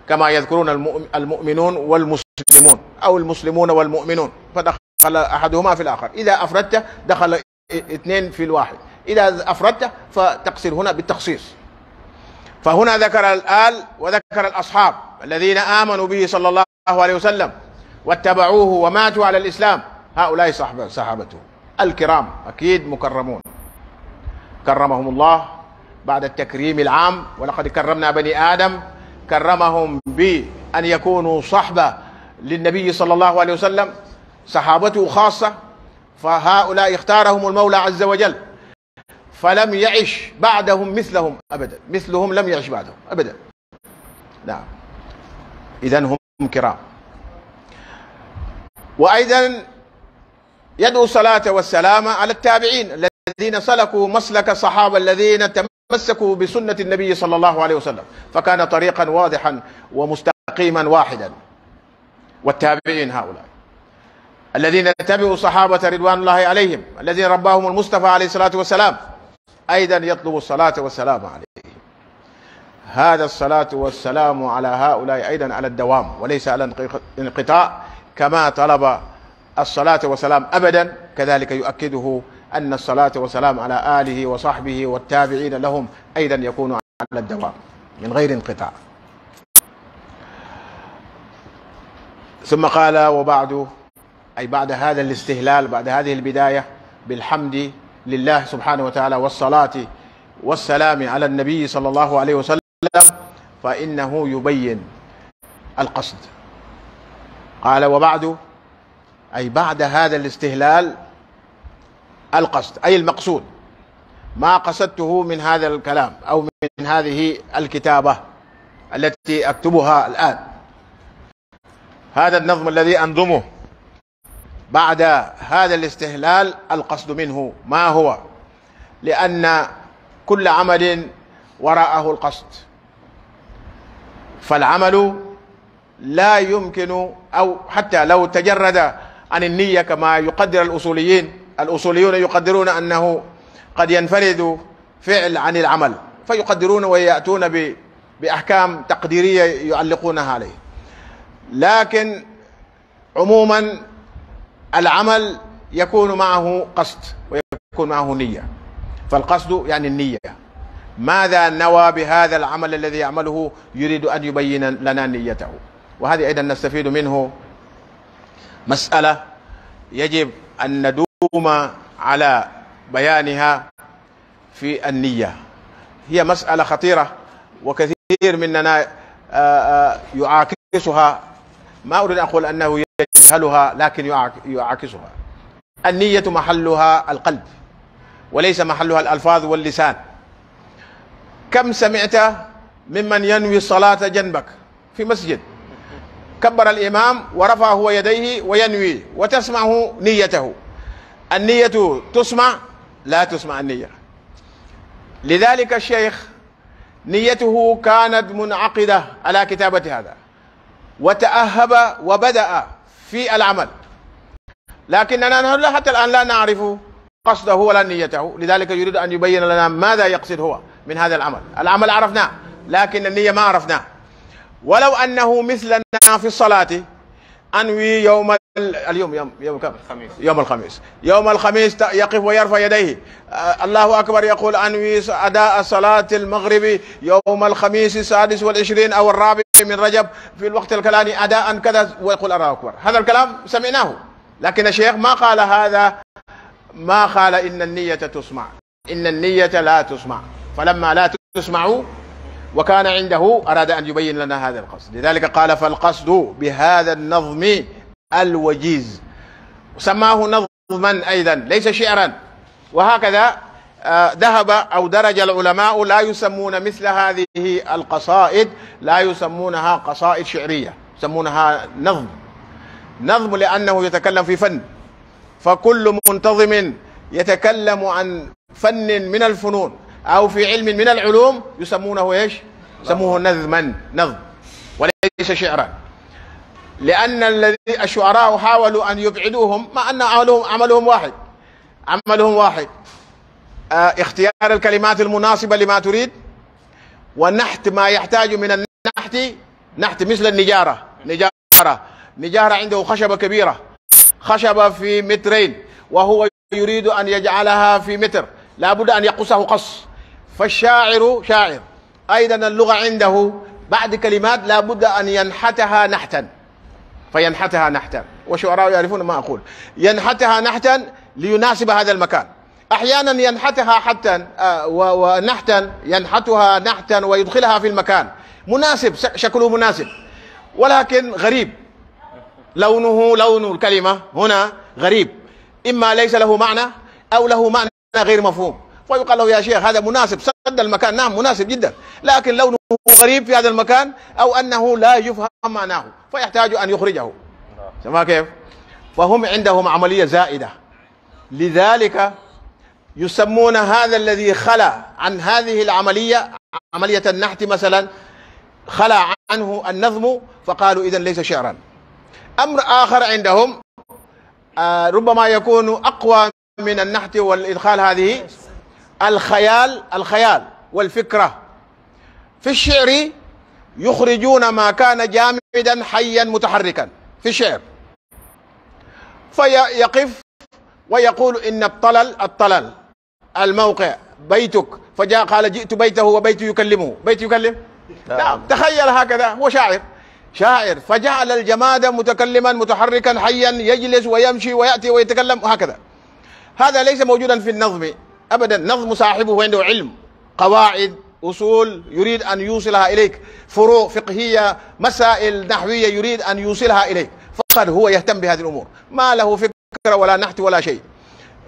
كما يذكرون المؤمنون والمسلمون أو المسلمون والمؤمنون فدخل أحدهما في الآخر إذا أفردته دخل اثنين في الواحد إذا أفردته فتقصير هنا بالتخصيص فهنا ذكر الآل وذكر الأصحاب الذين آمنوا به صلى الله عليه وسلم واتبعوه وماتوا على الإسلام هؤلاء صحبة صحابته الكرام أكيد مكرمون كرمهم الله بعد التكريم العام ولقد كرمنا بني آدم كرمهم بأن يكونوا صحبة للنبي صلى الله عليه وسلم صحابته خاصة فهؤلاء اختارهم المولى عز وجل فلم يعش بعدهم مثلهم أبدا مثلهم لم يعش بعدهم أبدا نعم إذا هم كرام وأيضا يدعو الصلاة والسلام على التابعين الذين سلكوا مسلك الصحابة الذين تمسكوا بسنة النبي صلى الله عليه وسلم فكان طريقا واضحا ومستقيما واحدا والتابعين هؤلاء الذين تبعوا صحابة رضوان الله عليهم الذين رباهم المصطفى عليه الصلاة والسلام أيضا يطلب الصلاة والسلام عليه هذا الصلاة والسلام على هؤلاء أيضا على الدوام وليس على انقطاع كما طلب الصلاة والسلام أبدا كذلك يؤكده أن الصلاة والسلام على آله وصحبه والتابعين لهم أيضا يكون على الدوام من غير انقطاع ثم قال وبعد أي بعد هذا الاستهلال بعد هذه البداية بالحمد لله سبحانه وتعالى والصلاة والسلام على النبي صلى الله عليه وسلم فإنه يبين القصد قال وبعد أي بعد هذا الاستهلال القصد أي المقصود ما قصدته من هذا الكلام أو من هذه الكتابة التي أكتبها الآن هذا النظم الذي أنظمه بعد هذا الاستهلال القصد منه ما هو لأن كل عمل وراءه القصد فالعمل لا يمكن أو حتى لو تجرد عن النية كما يقدر الأصوليين الأصوليون يقدرون أنه قد ينفرد فعل عن العمل فيقدرون ويأتون بأحكام تقديرية يعلقونها عليه لكن عموما العمل يكون معه قصد ويكون معه نية فالقصد يعني النية ماذا نوى بهذا العمل الذي يعمله يريد أن يبين لنا نيته وهذه أيضا نستفيد منه مسألة يجب أن ندوم على بيانها في النية هي مسألة خطيرة وكثير مننا آه، آه، يعاكسها ما أريد أن أقول أنه يجهلها لكن يعاكسها النية محلها القلب وليس محلها الألفاظ واللسان كم سمعت ممن ينوي الصلاة جنبك في مسجد كبر الإمام ورفع هو يديه وينوي وتسمع نيته النية تسمع لا تسمع النية لذلك الشيخ نيته كانت منعقدة على كتابة هذا وتأهب وبدأ في العمل لكننا نحن حتى الآن لا نعرف قصده ولا نيته لذلك يريد أن يبين لنا ماذا يقصد هو من هذا العمل العمل عرفناه لكن النية ما عرفناه ولو أنه مثلنا في الصلاة أنوي يوم اليوم يوم يوم كم؟ الخميس يوم الخميس يوم الخميس يقف ويرفع يديه آه الله أكبر يقول أنوي أداء صلاة المغرب يوم الخميس السادس والعشرين أو الرابع من رجب في الوقت الكلاني أداء كذا ويقول الله أكبر هذا الكلام سمعناه لكن الشيخ ما قال هذا ما قال إن النية تسمع إن النية لا تسمع فلما لا تسمع وكان عنده أراد أن يبين لنا هذا القصد لذلك قال فالقصد بهذا النظم الوجيز سماه نظما أيضا ليس شعرا وهكذا آه، ذهب أو درج العلماء لا يسمون مثل هذه القصائد لا يسمونها قصائد شعرية يسمونها نظم نظم لأنه يتكلم في فن فكل منتظم يتكلم عن فن من الفنون أو في علم من العلوم يسمونه إيش يسموه نظما نظم وليس شعرا لأن الذي الشعراء حاولوا أن يبعدوهم مع أن عملهم عملهم واحد عملهم واحد آه، اختيار الكلمات المناسبة لما تريد ونحت ما يحتاج من النحت نحت مثل النجارة نجارة نجارة عنده خشبة كبيرة خشبة في مترين وهو يريد أن يجعلها في متر لابد أن يقصه قص فالشاعر شاعر أيضا اللغة عنده بعد كلمات لا بد أن ينحتها نحتا فينحتها نحتا وشعراء يعرفون ما أقول ينحتها نحتا ليناسب هذا المكان أحيانا ينحتها حتى آه، ونحتا ينحتها نحتا ويدخلها في المكان مناسب شكله مناسب ولكن غريب لونه لون الكلمة هنا غريب إما ليس له معنى أو له معنى غير مفهوم ويقال له يا شيخ هذا مناسب سد المكان نعم مناسب جدا لكن لونه غريب في هذا المكان أو أنه لا يفهم معناه فيحتاج أن يخرجه سمع كيف فهم عندهم عملية زائدة لذلك يسمون هذا الذي خلى عن هذه العملية عملية النحت مثلا خلى عنه النظم فقالوا إذا ليس شعرا أمر آخر عندهم آه ربما يكون أقوى من النحت والإدخال هذه الخيال الخيال والفكرة في الشعر يخرجون ما كان جامدا حيا متحركا في الشعر فيقف ويقول إن الطلل الطلل الموقع بيتك فجاء قال جئت بيته وبيته يكلمه بيت يكلم نعم. نعم تخيل هكذا هو شاعر شاعر فجعل الجماد متكلما متحركا حيا يجلس ويمشي ويأتي ويتكلم وهكذا هذا ليس موجودا في النظم ابدا نظم صاحبه عنده علم قواعد اصول يريد ان يوصلها اليك فروع فقهيه مسائل نحويه يريد ان يوصلها اليك فقد هو يهتم بهذه الامور ما له فكره ولا نحت ولا شيء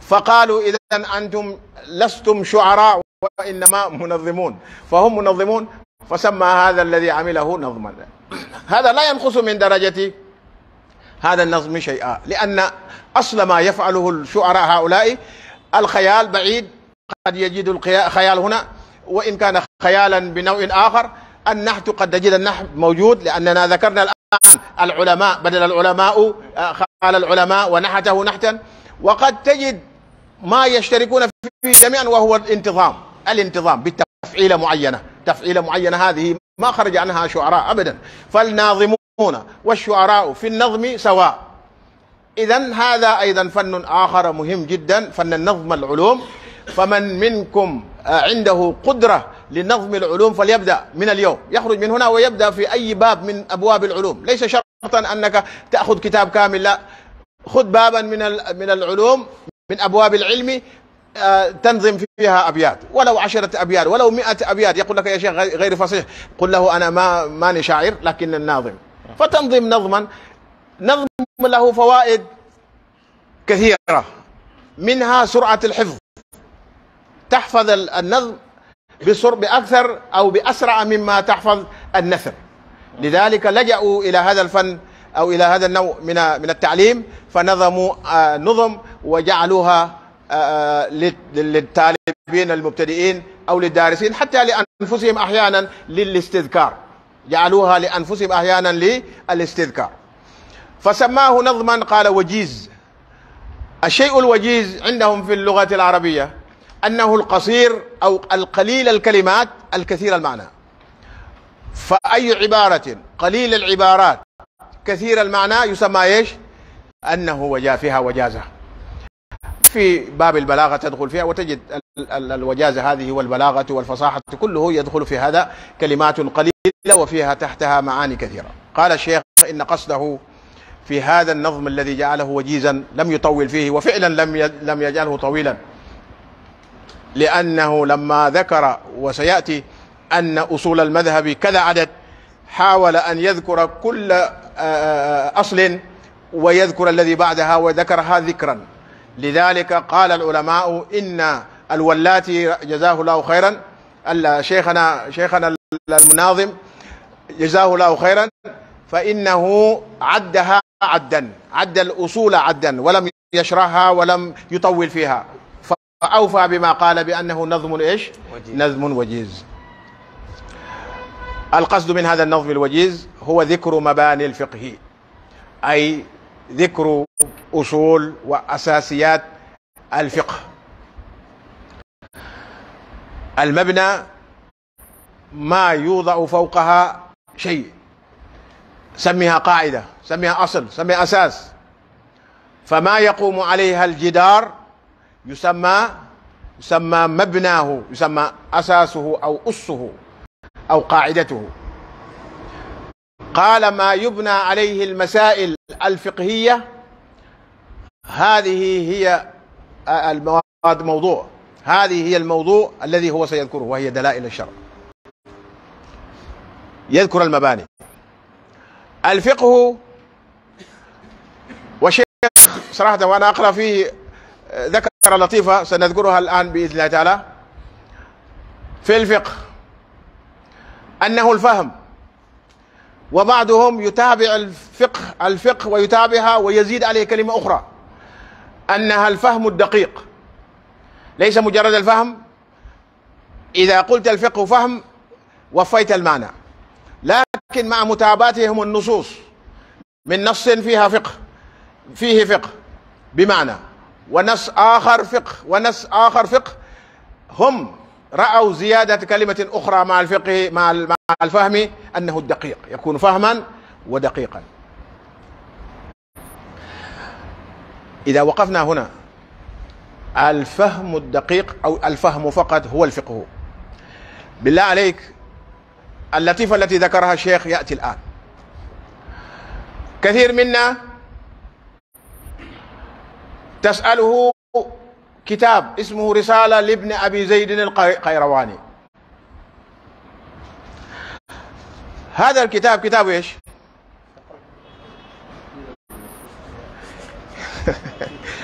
فقالوا اذا انتم لستم شعراء وانما منظمون فهم منظمون فسمى هذا الذي عمله نظما هذا لا ينقص من درجه هذا النظم شيئا لان اصل ما يفعله الشعراء هؤلاء الخيال بعيد قد يجد الخيال هنا وإن كان خيالا بنوع آخر النحت قد تجد النحت موجود لأننا ذكرنا الآن العلماء بدل العلماء قال آه، العلماء ونحته نحتا وقد تجد ما يشتركون فيه جميعا وهو الانتظام الانتظام بالتفعيلة معينة تفعيلة معينة هذه ما خرج عنها شعراء أبدا فالناظمون والشعراء في النظم سواء إذا هذا أيضا فن آخر مهم جدا فن النظم العلوم فمن منكم آه، عنده قدرة لنظم العلوم فليبدأ من اليوم يخرج من هنا ويبدأ في أي باب من أبواب العلوم ليس شرطا أنك تأخذ كتاب كامل لا خذ بابا من من العلوم من أبواب العلم آه، تنظم فيها أبيات ولو عشرة أبيات ولو مئة أبيات يقول لك يا شيخ غير فصيح قل له أنا ما ماني شاعر لكن الناظم فتنظم نظما نظم له فوائد كثيرة منها سرعة الحفظ تحفظ النظم بسر بأكثر أو بأسرع مما تحفظ النثر لذلك لجأوا إلى هذا الفن أو إلى هذا النوع من من التعليم فنظموا آه، نظم وجعلوها آه، آه، للطالبين المبتدئين أو للدارسين حتى لأنفسهم أحيانا للاستذكار جعلوها لأنفسهم أحيانا للاستذكار فسماه نظما قال وجيز الشيء الوجيز عندهم في اللغة العربية أنه القصير أو القليل الكلمات الكثير المعنى فأي عبارة قليل العبارات كثير المعنى يسمى ايش؟ أنه وجا فيها وجازة في باب البلاغة تدخل فيها وتجد الوجازة هذه والبلاغة والفصاحة كله يدخل في هذا كلمات قليلة وفيها تحتها معاني كثيرة قال الشيخ إن قصده في هذا النظم الذي جعله وجيزا لم يطول فيه وفعلا لم لم يجعله طويلا لأنه لما ذكر وسيأتي أن أصول المذهب كذا عدد حاول أن يذكر كل أصل ويذكر الذي بعدها وذكرها ذكرا لذلك قال العلماء إن الولاتي جزاه الله خيرا شيخنا شيخنا المناظم جزاه الله خيرا فإنه عدها عدا عد الأصول عدا ولم يشرحها ولم يطول فيها فأوفى بما قال بأنه نظم إيش وجيز. نظم وجيز القصد من هذا النظم الوجيز هو ذكر مباني الفقه أي ذكر أصول وأساسيات الفقه المبنى ما يوضع فوقها شيء سميها قاعدة سميها أصل سميها أساس فما يقوم عليها الجدار يسمى يسمى مبناه يسمى أساسه أو أسه أو قاعدته قال ما يبنى عليه المسائل الفقهية هذه هي آه، المواد موضوع هذه هي الموضوع الذي هو سيذكره وهي دلائل الشرع يذكر المباني الفقه وشيء صراحة وأنا أقرأ فيه ذكر لطيفة سنذكرها الآن بإذن الله تعالى في الفقه أنه الفهم وبعضهم يتابع الفقه الفقه ويتابعها ويزيد عليه كلمة أخرى أنها الفهم الدقيق ليس مجرد الفهم إذا قلت الفقه فهم وفيت المعنى لكن مع متاباتهم النصوص من نص فيها فقه فيه فقه بمعنى ونص آخر فقه ونص آخر فقه هم رأوا زيادة كلمة أخرى مع الفقه مع الفهم أنه الدقيق يكون فهما ودقيقا إذا وقفنا هنا الفهم الدقيق أو الفهم فقط هو الفقه بالله عليك اللطيفة التي ذكرها الشيخ يأتي الآن كثير منا تسأله كتاب اسمه رسالة لابن أبي زيد القيرواني هذا الكتاب كتاب ايش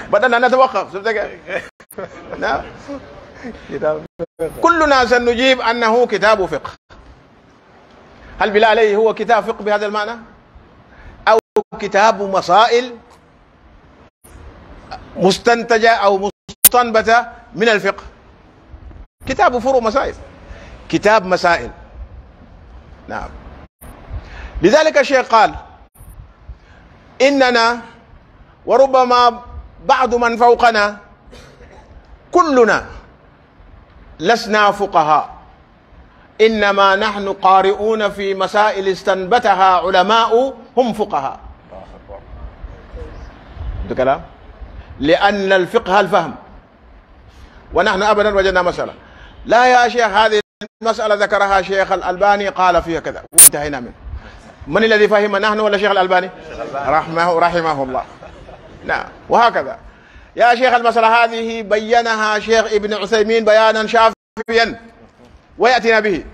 [LAUGHS] بدنا نتوقف [LAUGHS] نعم. كلنا سنجيب أنه كتاب فقه هل بالله عليه هو كتاب فقه بهذا المعنى أو كتاب مسائل مستنتجة أو مستنبتة من الفقه كتاب فروع مسائل كتاب مسائل نعم لذلك الشيخ قال إننا وربما بعض من فوقنا كلنا لسنا فقهاء إنما نحن قارئون في مسائل استنبتها علماء هم فقهاء ده كلام لأن الفقه الفهم ونحن أبدا وجدنا مسألة لا يا شيخ هذه المسألة ذكرها شيخ الألباني قال فيها كذا وانتهينا منه من الذي فهم نحن ولا شيخ الألباني رحمه رحمه الله نعم وهكذا يا شيخ المسألة هذه بينها شيخ ابن عثيمين بيانا شافيا ويأتينا به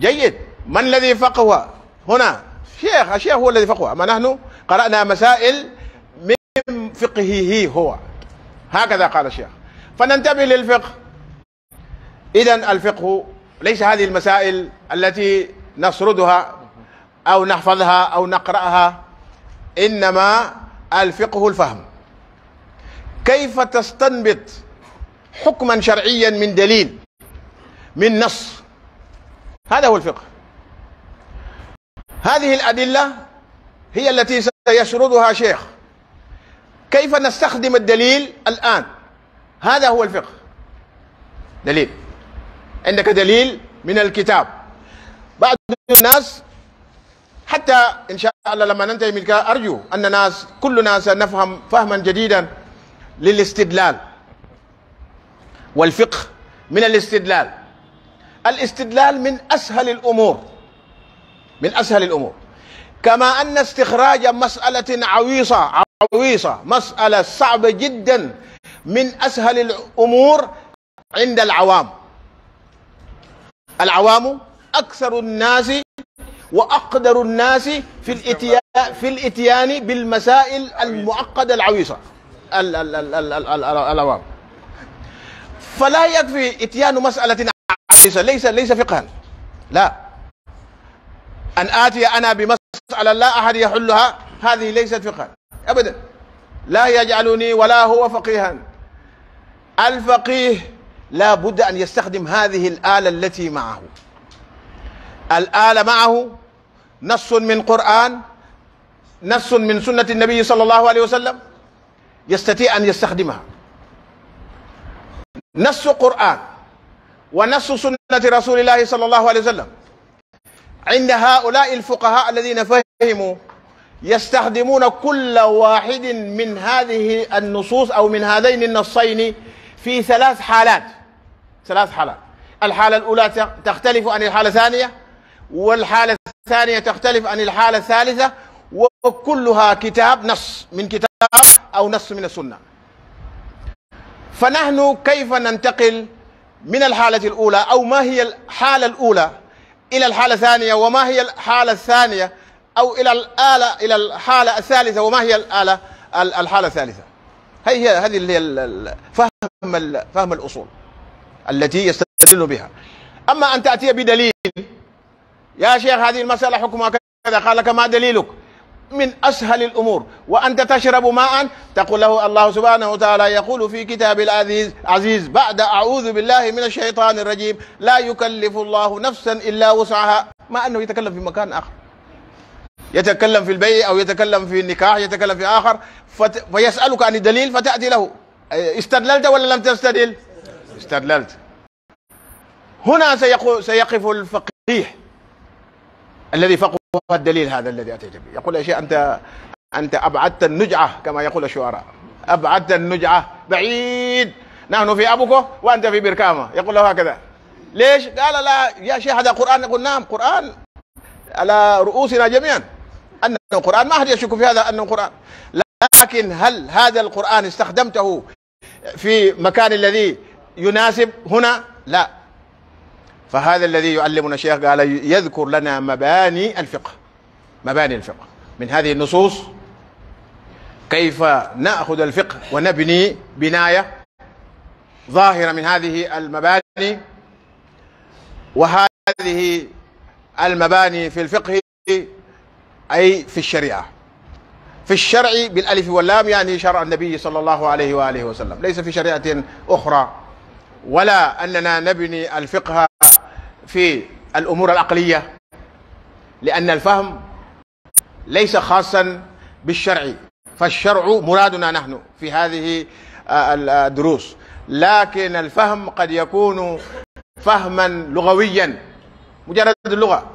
جيد من الذي فقه هنا شيخ الشيخ هو الذي فقه أما نحن قرأنا مسائل من فقهه هو هكذا قال الشيخ فننتبه للفقه إذا الفقه ليس هذه المسائل التي نسردها أو نحفظها أو نقرأها إنما الفقه الفهم كيف تستنبط حكما شرعيا من دليل من نص هذا هو الفقه هذه الأدلة هي التي سيسردها شيخ كيف نستخدم الدليل الآن هذا هو الفقه دليل عندك دليل من الكتاب بعض الناس حتى إن شاء الله لما ننتهي من أرجو أن ناس كل سنفهم نفهم فهما جديدا للاستدلال والفقه من الاستدلال الاستدلال من أسهل الأمور من أسهل الأمور كما أن استخراج مسألة عويصة عويصة مسألة صعبة جدا من أسهل الأمور عند العوام العوام أكثر الناس وأقدر الناس في الاتيان في الاتيان بالمسائل المعقدة العويصة العوام فلا يكفي اتيان مسألة ليس ليس ليس فقها لا أن آتي أنا بمسألة لا أحد يحلها هذه ليست فقها أبدا لا يجعلني ولا هو فقيها الفقيه لا بد أن يستخدم هذه الآلة التي معه الآلة معه نص من قرآن نص من سنة النبي صلى الله عليه وسلم يستطيع أن يستخدمها نص قرآن ونص سنة رسول الله صلى الله عليه وسلم عند هؤلاء الفقهاء الذين فهموا يستخدمون كل واحد من هذه النصوص أو من هذين النصين في ثلاث حالات ثلاث حالات الحالة الأولى تختلف عن الحالة الثانية والحالة الثانية تختلف عن الحالة الثالثة وكلها كتاب نص من كتاب أو نص من السنة فنحن كيف ننتقل من الحالة الأولى أو ما هي الحالة الأولى إلى الحالة الثانية وما هي الحالة الثانية أو إلى الآلة إلى الحالة الثالثة وما هي الآلة الحالة الثالثة هي هذه اللي هي فهم فهم الأصول التي يستدل بها أما أن تأتي بدليل يا شيخ هذه المسألة حكمها كذا قال لك ما دليلك من أسهل الأمور وأنت تشرب ماء تقول له الله سبحانه وتعالى يقول في كتاب العزيز عزيز بعد أعوذ بالله من الشيطان الرجيم لا يكلف الله نفسا إلا وسعها ما أنه يتكلم في مكان آخر يتكلم في البيع أو يتكلم في النكاح يتكلم في آخر فت... فيسألك عن الدليل فتأتي له استدللت ولا لم تستدل استدللت هنا سيقو... سيقف الفقيه الذي فقه هو الدليل هذا الذي اتيت به يقول يا شيخ انت انت ابعدت النجعه كما يقول الشعراء ابعدت النجعه بعيد نحن في ابوكو وانت في بركامه يقول له هكذا ليش؟ قال لا يا شيخ هذا قران يقول نعم قران على رؤوسنا جميعا انه قران ما احد يشك في هذا انه قران لكن هل هذا القران استخدمته في مكان الذي يناسب هنا؟ لا فهذا الذي يعلمنا الشيخ قال يذكر لنا مباني الفقه مباني الفقه من هذه النصوص كيف ناخذ الفقه ونبني بنايه ظاهره من هذه المباني وهذه المباني في الفقه اي في الشريعه في الشرع بالالف واللام يعني شرع النبي صلى الله عليه واله وسلم ليس في شريعه اخرى ولا اننا نبني الفقه في الأمور العقلية لأن الفهم ليس خاصا بالشرع فالشرع مرادنا نحن في هذه آه، آه، الدروس لكن الفهم قد يكون فهما لغويا مجرد اللغة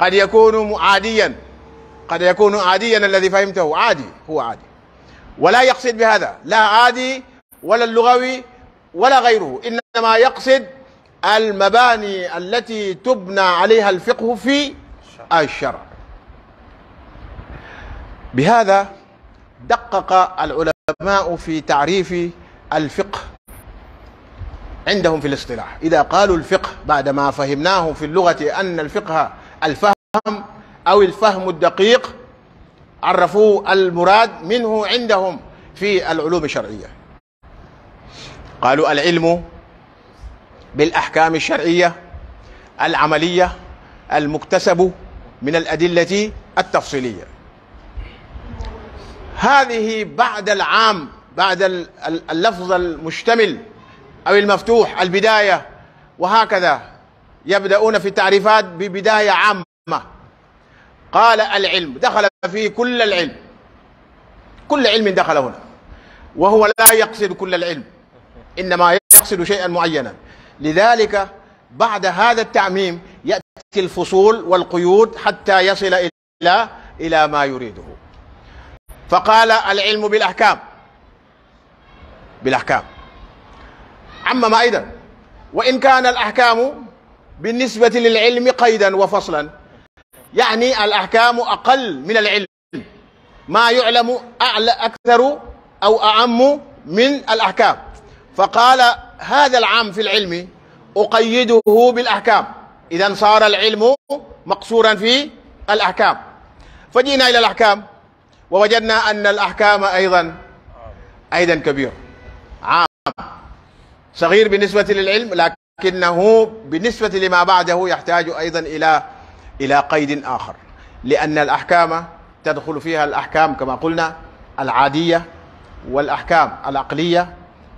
قد يكون عاديا قد يكون عاديا الذي فهمته عادي هو عادي ولا يقصد بهذا لا عادي ولا اللغوي ولا غيره إنما يقصد المباني التي تبنى عليها الفقه في الشرع بهذا دقق العلماء في تعريف الفقه عندهم في الاصطلاح إذا قالوا الفقه بعدما فهمناه في اللغة أن الفقه الفهم أو الفهم الدقيق عرفوا المراد منه عندهم في العلوم الشرعية قالوا العلم بالاحكام الشرعيه العمليه المكتسب من الادله التفصيليه هذه بعد العام بعد اللفظ المشتمل او المفتوح البدايه وهكذا يبداون في التعريفات ببدايه عامه قال العلم دخل فيه كل العلم كل علم دخل هنا وهو لا يقصد كل العلم انما يقصد شيئا معينا لذلك بعد هذا التعميم يأتي الفصول والقيود حتى يصل إلى إلى ما يريده فقال العلم بالأحكام بالأحكام عمم أيضا وإن كان الأحكام بالنسبة للعلم قيدا وفصلا يعني الأحكام أقل من العلم ما يعلم أعلى أكثر أو أعم من الأحكام فقال هذا العام في العلم أقيده بالأحكام إذا صار العلم مقصورا في الأحكام فجينا إلى الأحكام ووجدنا أن الأحكام أيضا أيضا كبير عام صغير بالنسبة للعلم لكنه بالنسبة لما بعده يحتاج أيضا إلى إلى قيد آخر لأن الأحكام تدخل فيها الأحكام كما قلنا العادية والأحكام العقلية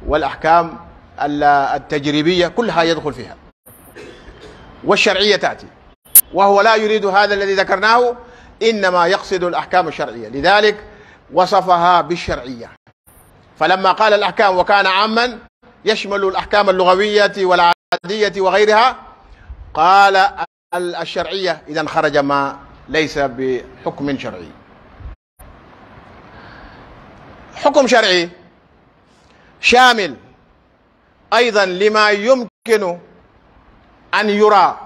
والأحكام التجريبية كلها يدخل فيها والشرعية تأتي وهو لا يريد هذا الذي ذكرناه إنما يقصد الأحكام الشرعية لذلك وصفها بالشرعية فلما قال الأحكام وكان عاما يشمل الأحكام اللغوية والعادية وغيرها قال الشرعية إذا خرج ما ليس بحكم شرعي حكم شرعي شامل أيضا لما يمكن أن يرى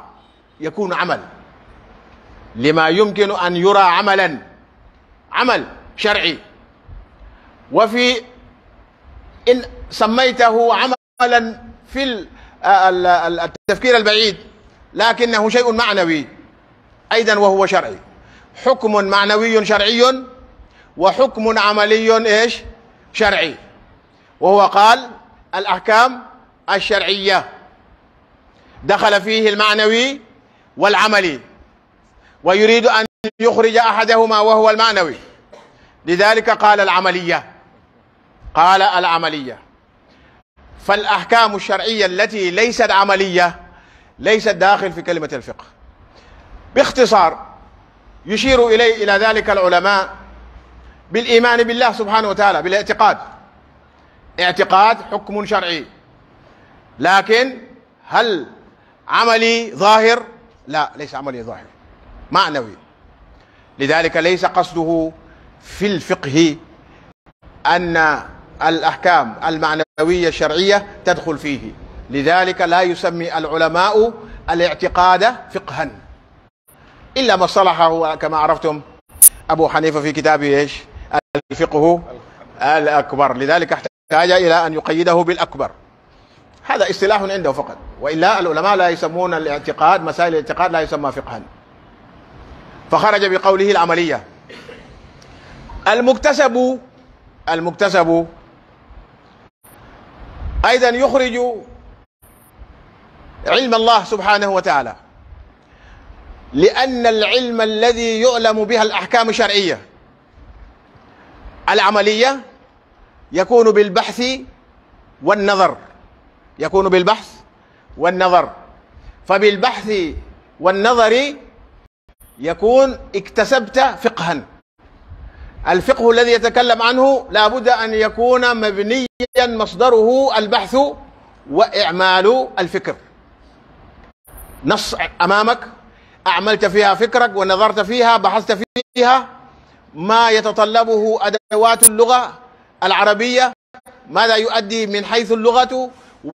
يكون عمل لما يمكن أن يرى عملا عمل شرعي وفي إن سميته عملا في آه، التفكير البعيد لكنه شيء معنوي أيضا وهو شرعي حكم معنوي شرعي وحكم عملي إيش شرعي وهو قال الأحكام الشرعية دخل فيه المعنوي والعملي ويريد أن يخرج أحدهما وهو المعنوي لذلك قال العملية قال العملية فالأحكام الشرعية التي ليست عملية ليست داخل في كلمة الفقه باختصار يشير إليه إلى ذلك العلماء بالإيمان بالله سبحانه وتعالى بالاعتقاد اعتقاد حكم شرعي لكن هل عملي ظاهر لا ليس عملي ظاهر معنوي لذلك ليس قصده في الفقه أن الأحكام المعنوية الشرعية تدخل فيه لذلك لا يسمي العلماء الاعتقاد فقها إلا ما صلحه كما عرفتم أبو حنيفة في كتابه إيش الفقه الأكبر لذلك احتاج إلى أن يقيده بالأكبر هذا اصطلاح عنده فقط والا العلماء لا يسمون الاعتقاد مسائل الاعتقاد لا يسمى فقها فخرج بقوله العمليه المكتسب المكتسب ايضا يخرج علم الله سبحانه وتعالى لأن العلم الذي يعلم بها الأحكام الشرعية العملية يكون بالبحث والنظر يكون بالبحث والنظر فبالبحث والنظر يكون اكتسبت فقها الفقه الذي يتكلم عنه لا بد أن يكون مبنيا مصدره البحث وإعمال الفكر نص أمامك أعملت فيها فكرك ونظرت فيها بحثت فيها ما يتطلبه أدوات اللغة العربية ماذا يؤدي من حيث اللغة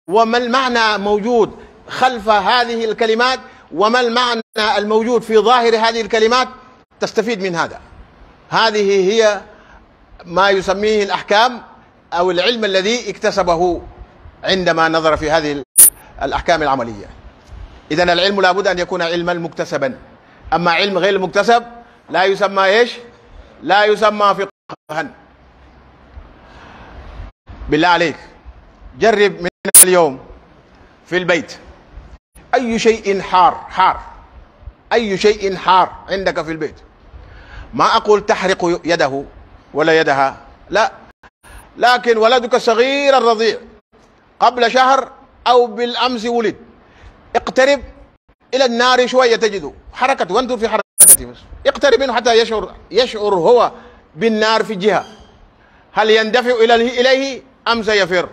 وما المعنى موجود خلف هذه الكلمات وما المعنى الموجود في ظاهر هذه الكلمات تستفيد من هذا هذه هي ما يسميه الأحكام أو العلم الذي اكتسبه عندما نظر في هذه الأحكام العملية إذا العلم لابد أن يكون علما مكتسبا أما علم غير مكتسب لا يسمى إيش لا يسمى فقها بالله عليك جرب من بيتنا اليوم في البيت أي شيء حار حار أي شيء حار عندك في البيت ما أقول تحرق يده ولا يدها لا لكن ولدك صغير الرضيع قبل شهر أو بالأمس ولد اقترب إلى النار شوية تجده حركة وانظر في حركته بس اقترب منه حتى يشعر يشعر هو بالنار في جهة هل يندفع إليه أم سيفر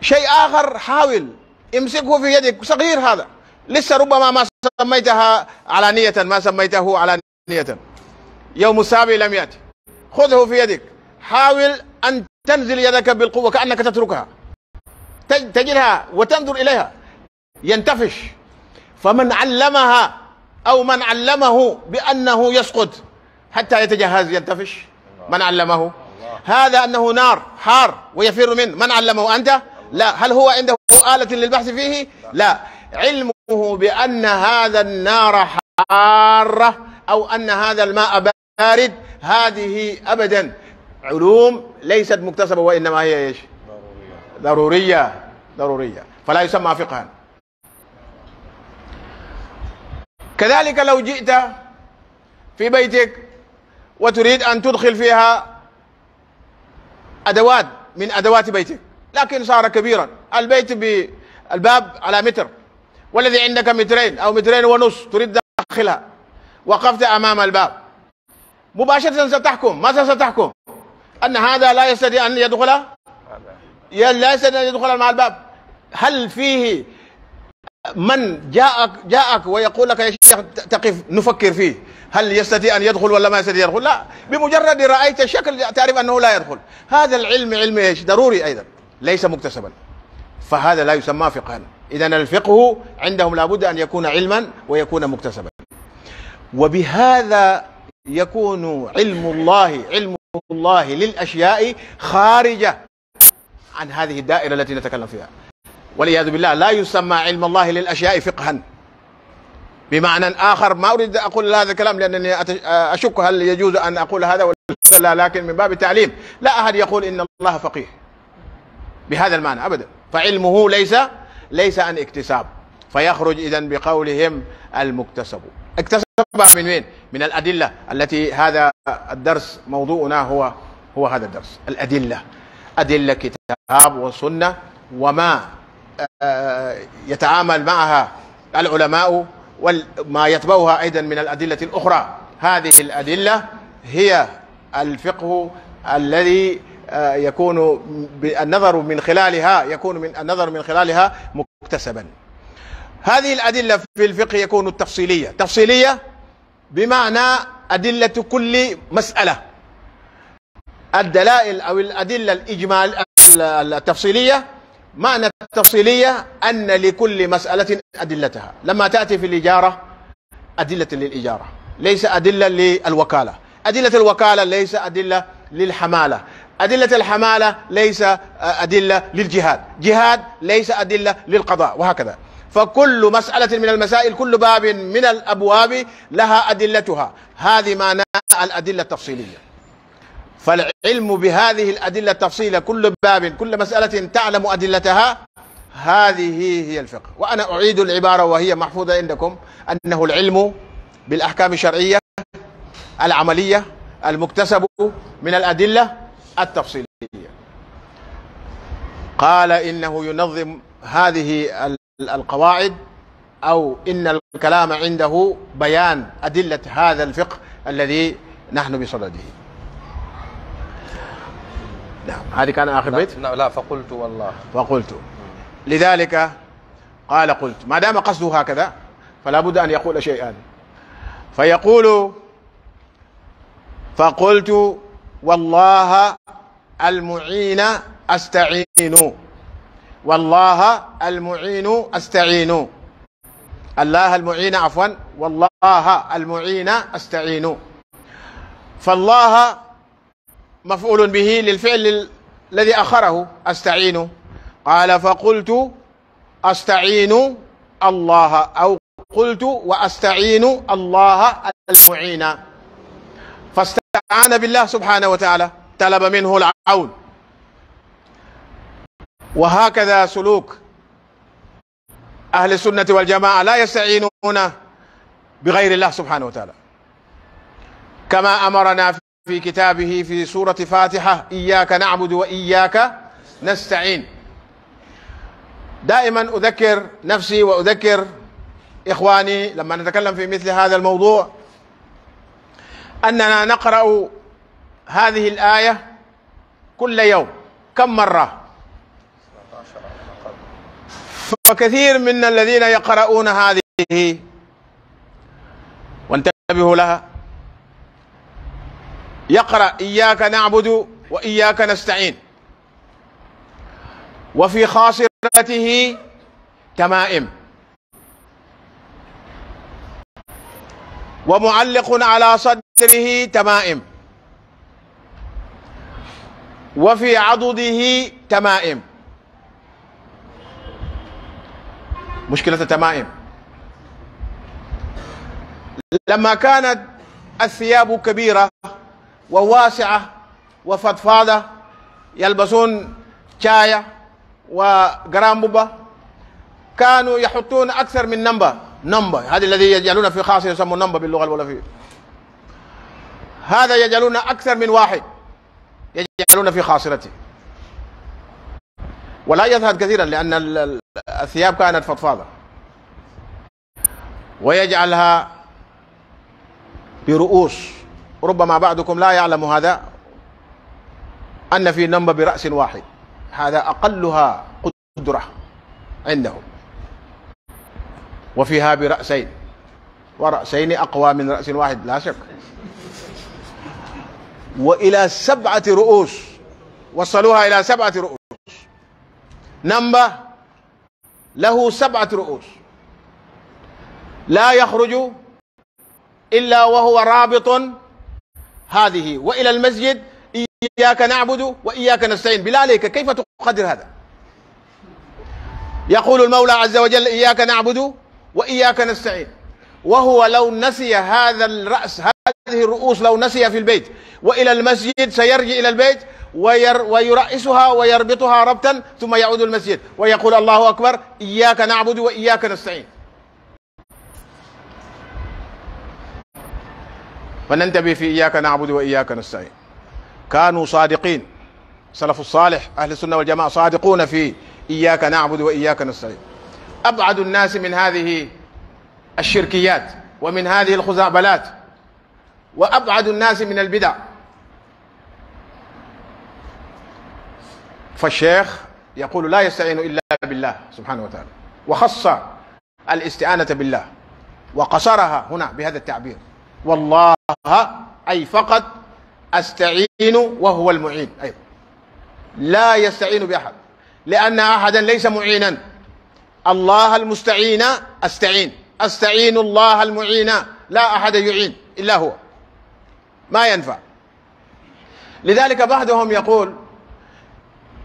شيء آخر حاول امسكه في يدك صغير هذا لسه ربما ما سميتها علانية ما سميته علانية يوم السابع لم يأتي خذه في يدك حاول أن تنزل يدك بالقوة كأنك تتركها تجدها وتنظر إليها ينتفش فمن علمها أو من علمه بأنه يسقط حتى يتجهز ينتفش من علمه هذا أنه نار حار ويفر منه من علمه أنت لا هل هو عنده آلة للبحث فيه لا علمه بأن هذا النار حارة أو أن هذا الماء بارد هذه أبدا علوم ليست مكتسبة وإنما هي إيش ضرورية ضرورية ضرورية فلا يسمى فقها كذلك لو جئت في بيتك وتريد أن تدخل فيها أدوات من أدوات بيتك لكن صار كبيرا البيت بالباب على متر والذي عندك مترين أو مترين ونص تريد داخلها وقفت أمام الباب مباشرة ستحكم ماذا ستحكم أن هذا لا يستطيع أن يدخل لا يستطيع أن يدخل مع الباب هل فيه من جاءك جاءك ويقول لك يا شيخ تقف نفكر فيه هل يستطيع ان يدخل ولا ما يستطيع يدخل لا بمجرد رايت الشكل تعرف انه لا يدخل هذا العلم علم ايش ضروري ايضا ليس مكتسبا فهذا لا يسمى فقها إذا الفقه عندهم لابد أن يكون علما ويكون مكتسبا وبهذا يكون علم الله علم الله للأشياء خارجة عن هذه الدائرة التي نتكلم فيها والعياذ بالله لا يسمى علم الله للأشياء فقها بمعنى آخر ما أريد أقول هذا الكلام لأنني أشك هل يجوز أن أقول هذا ولا لا لكن من باب التعليم لا أحد يقول إن الله فقيه بهذا المعنى ابدا فعلمه ليس ليس عن اكتساب فيخرج اذا بقولهم المكتسب اكتسبها من وين؟ من الادله التي هذا الدرس موضوعنا هو هو هذا الدرس الادله ادله كتاب وسنه وما آه، يتعامل معها العلماء وما يتبعها ايضا من الادله الاخرى هذه الادله هي الفقه الذي آه، يكون النظر من خلالها يكون من النظر من خلالها مكتسبا هذه الأدلة في الفقه يكون التفصيلية تفصيلية بمعنى أدلة كل مسألة الدلائل أو الأدلة الإجمال التفصيلية معنى التفصيلية أن لكل مسألة أدلتها لما تأتي في الإجارة أدلة للإجارة ليس أدلة للوكالة أدلة الوكالة ليس أدلة للحمالة أدلة الحمالة ليس آه، أدلة للجهاد جهاد ليس أدلة للقضاء وهكذا فكل مسألة من المسائل كل باب من الأبواب لها أدلتها هذه ما معناها الأدلة التفصيلية فالعلم بهذه الأدلة التفصيلة كل باب كل مسألة تعلم أدلتها هذه هي الفقه وأنا أعيد العبارة وهي محفوظة عندكم أنه العلم بالأحكام الشرعية العملية المكتسب من الأدلة التفصيلية قال إنه ينظم هذه القواعد أو إن الكلام عنده بيان أدلة هذا الفقه الذي نحن بصدده نعم هذه كان آخر بيت لا, لا فقلت والله فقلت لذلك قال قلت ما دام قصده هكذا فلا بد أن يقول شيئا فيقول فقلت والله المعين أستعين والله المعين أستعين الله المعين عفوا والله المعين أستعين فالله مفعول به للفعل الذي أخره أستعين قال فقلت أستعين الله أو قلت وأستعين الله المعين استعان بالله سبحانه وتعالى طلب منه العون وهكذا سلوك أهل السنة والجماعة لا يستعينون بغير الله سبحانه وتعالى كما أمرنا في كتابه في سورة فاتحة إياك نعبد وإياك نستعين دائما أذكر نفسي وأذكر إخواني لما نتكلم في مثل هذا الموضوع أننا نقرأ هذه الآية كل يوم كم مرة فكثير من الذين يقرؤون هذه وانتبهوا لها يقرأ إياك نعبد وإياك نستعين وفي خاصرته تمائم ومعلق على صدره تمائم وفي عضده تمائم مشكلة التمائم لما كانت الثياب كبيرة وواسعة وفضفاضة يلبسون شاية وقرامبوبة كانوا يحطون أكثر من نمبر نمبر هذا الذي يجعلون في خاص يسمى نمبر باللغه الولفيه هذا يجعلون اكثر من واحد يجعلون في خاصرته ولا يذهب كثيرا لان الثياب كانت فضفاضه ويجعلها برؤوس ربما بعضكم لا يعلم هذا ان في نمبر براس واحد هذا اقلها قدره عندهم وفيها برأسين ورأسين أقوى من رأس واحد لا شك وإلى سبعة رؤوس وصلوها إلى سبعة رؤوس نمبة له سبعة رؤوس لا يخرج إلا وهو رابط هذه وإلى المسجد إياك نعبد وإياك نستعين بلا عليك كيف تقدر هذا يقول المولى عز وجل إياك نعبد وإياك نستعين وهو لو نسي هذا الرأس هذه الرؤوس لو نسي في البيت وإلى المسجد سيرجع إلى البيت وير ويرأسها ويربطها ربطا ثم يعود المسجد ويقول الله أكبر إياك نعبد وإياك نستعين فننتبه في إياك نعبد وإياك نستعين كانوا صادقين سلف الصالح أهل السنة والجماعة صادقون في إياك نعبد وإياك نستعين أبعد الناس من هذه الشركيات ومن هذه الخزعبلات وأبعد الناس من البدع فالشيخ يقول لا يستعين إلا بالله سبحانه وتعالى وخص الاستعانة بالله وقصرها هنا بهذا التعبير والله أي فقط أستعين وهو المعين أيضا أيوة. لا يستعين بأحد لأن أحدا ليس معينا الله المستعين أستعين أستعين الله المعين لا أحد يعين إلا هو ما ينفع لذلك بعضهم يقول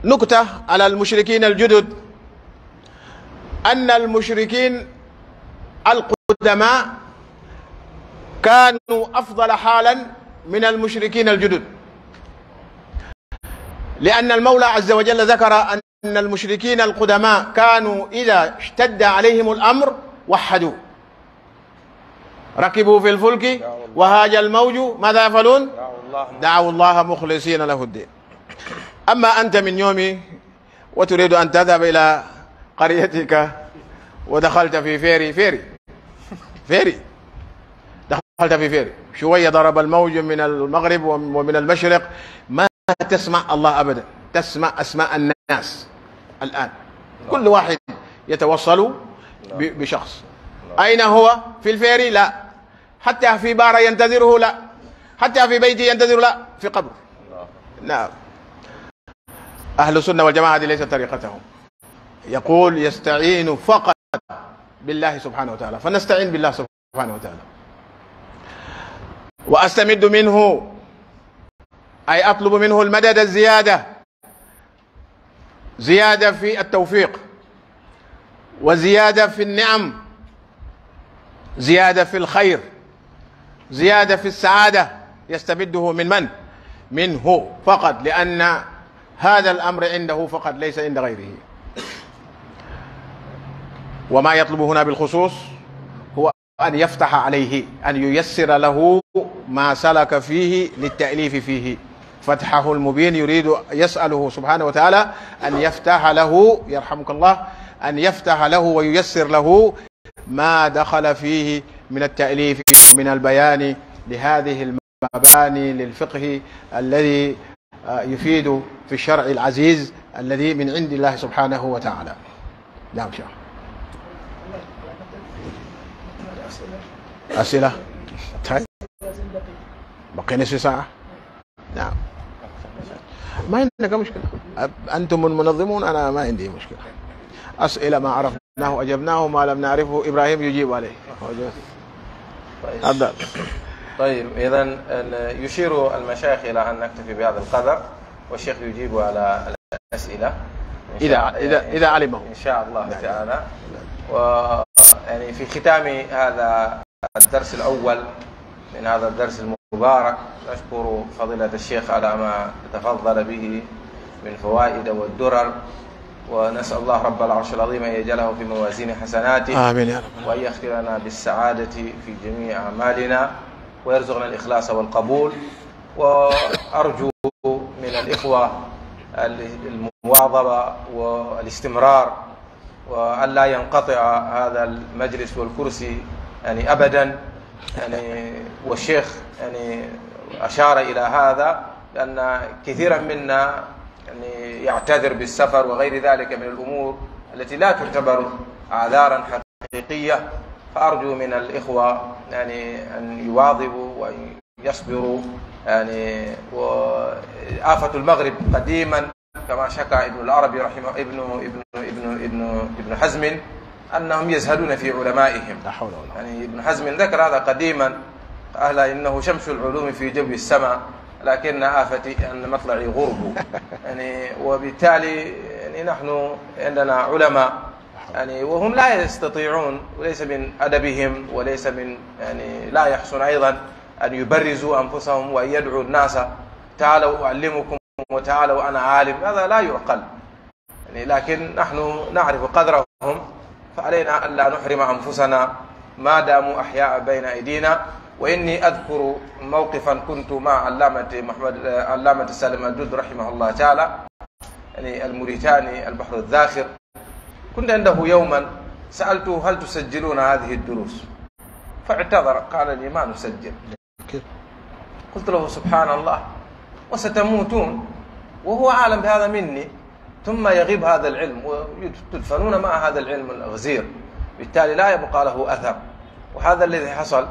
نكتة على المشركين الجدد أن المشركين القدماء كانوا أفضل حالا من المشركين الجدد لأن المولى عز وجل ذكر أن المشركين القدماء كانوا إذا اشتد عليهم الأمر وحدوا ركبوا في الفلك وهاج الموج ماذا يفعلون دعوا الله مخلصين له الدين أما أنت من يومي وتريد أن تذهب إلى قريتك ودخلت في فيري فيري فيري دخلت في فيري شوية ضرب الموج من المغرب ومن المشرق ما تسمع الله ابدا تسمع اسماء الناس الان كل واحد يتوصل بشخص اين هو في الفيري لا حتى في بار ينتظره لا حتى في بيته ينتظر لا في قبر نعم اهل السنه والجماعه هذه ليست طريقتهم يقول يستعين فقط بالله سبحانه وتعالى فنستعين بالله سبحانه وتعالى واستمد منه أي أطلب منه المدد الزيادة زيادة في التوفيق وزيادة في النعم زيادة في الخير زيادة في السعادة يستبده من من؟ منه فقط لأن هذا الأمر عنده فقط ليس عند غيره وما يطلب هنا بالخصوص هو أن يفتح عليه أن ييسر له ما سلك فيه للتأليف فيه فتحه المبين يريد يسأله سبحانه وتعالى أن يفتح له يرحمك الله أن يفتح له وييسر له ما دخل فيه من التأليف من البيان لهذه المباني للفقه الذي آه، يفيد في الشرع العزيز الذي من عند الله سبحانه وتعالى نعم شيخ أسئلة طيب بقينا ساعة نعم ما عندنا مشكله انتم المنظمون انا ما عندي مشكله اسئله ما عرفناه اجبناه ما لم نعرفه ابراهيم يجيب عليه طيب طيب اذا يشير المشايخ الى ان نكتفي بهذا القدر والشيخ يجيب على الاسئله اذا اذا اذا علمه ان شاء الله نعم. تعالى و يعني في ختام هذا الدرس الاول من هذا الدرس المبارك أشكر فضيلة الشيخ على ما تفضل به من فوائد والدرر ونسأل الله رب العرش العظيم أن يجعله في موازين حسناته آمين يا رب وأن يختلنا بالسعادة في جميع أعمالنا ويرزقنا الإخلاص والقبول وأرجو من الإخوة المواظبة والاستمرار وأن لا ينقطع هذا المجلس والكرسي يعني أبدا يعني والشيخ يعني أشار إلى هذا لأن كثيرا منا يعني يعتذر بالسفر وغير ذلك من الأمور التي لا تعتبر أعذارا حقيقية فأرجو من الإخوة يعني أن يواظبوا وأن يصبروا يعني وآفة المغرب قديما كما شكى ابن العربي رحمه ابن ابن ابن ابن ابن حزم أنهم يزهدون في علمائهم لا حول ولا يعني ابن حزم ذكر هذا قديما قال إنه شمس العلوم في جو السماء لكن آفتي أن مطلعي غرب [LAUGHS] يعني وبالتالي يعني نحن عندنا علماء يعني وهم لا يستطيعون وليس من أدبهم وليس من يعني لا يحسن أيضا أن يبرزوا أنفسهم وأن يدعوا الناس تعالوا أعلمكم وتعالوا أنا عالم هذا لا يعقل يعني لكن نحن نعرف قدرهم فعلينا ألا نحرم أنفسنا ما داموا أحياء بين أيدينا وإني أذكر موقفا كنت مع علامة محمد علامة سالم الدود رحمه الله تعالى يعني الموريتاني البحر الذاخر كنت عنده يوما سألته هل تسجلون هذه الدروس فاعتذر قال لي ما نسجل قلت له سبحان الله وستموتون وهو أعلم بهذا مني ثم يغيب هذا العلم وتدفنون مع هذا العلم الغزير بالتالي لا يبقى له أثر وهذا الذي حصل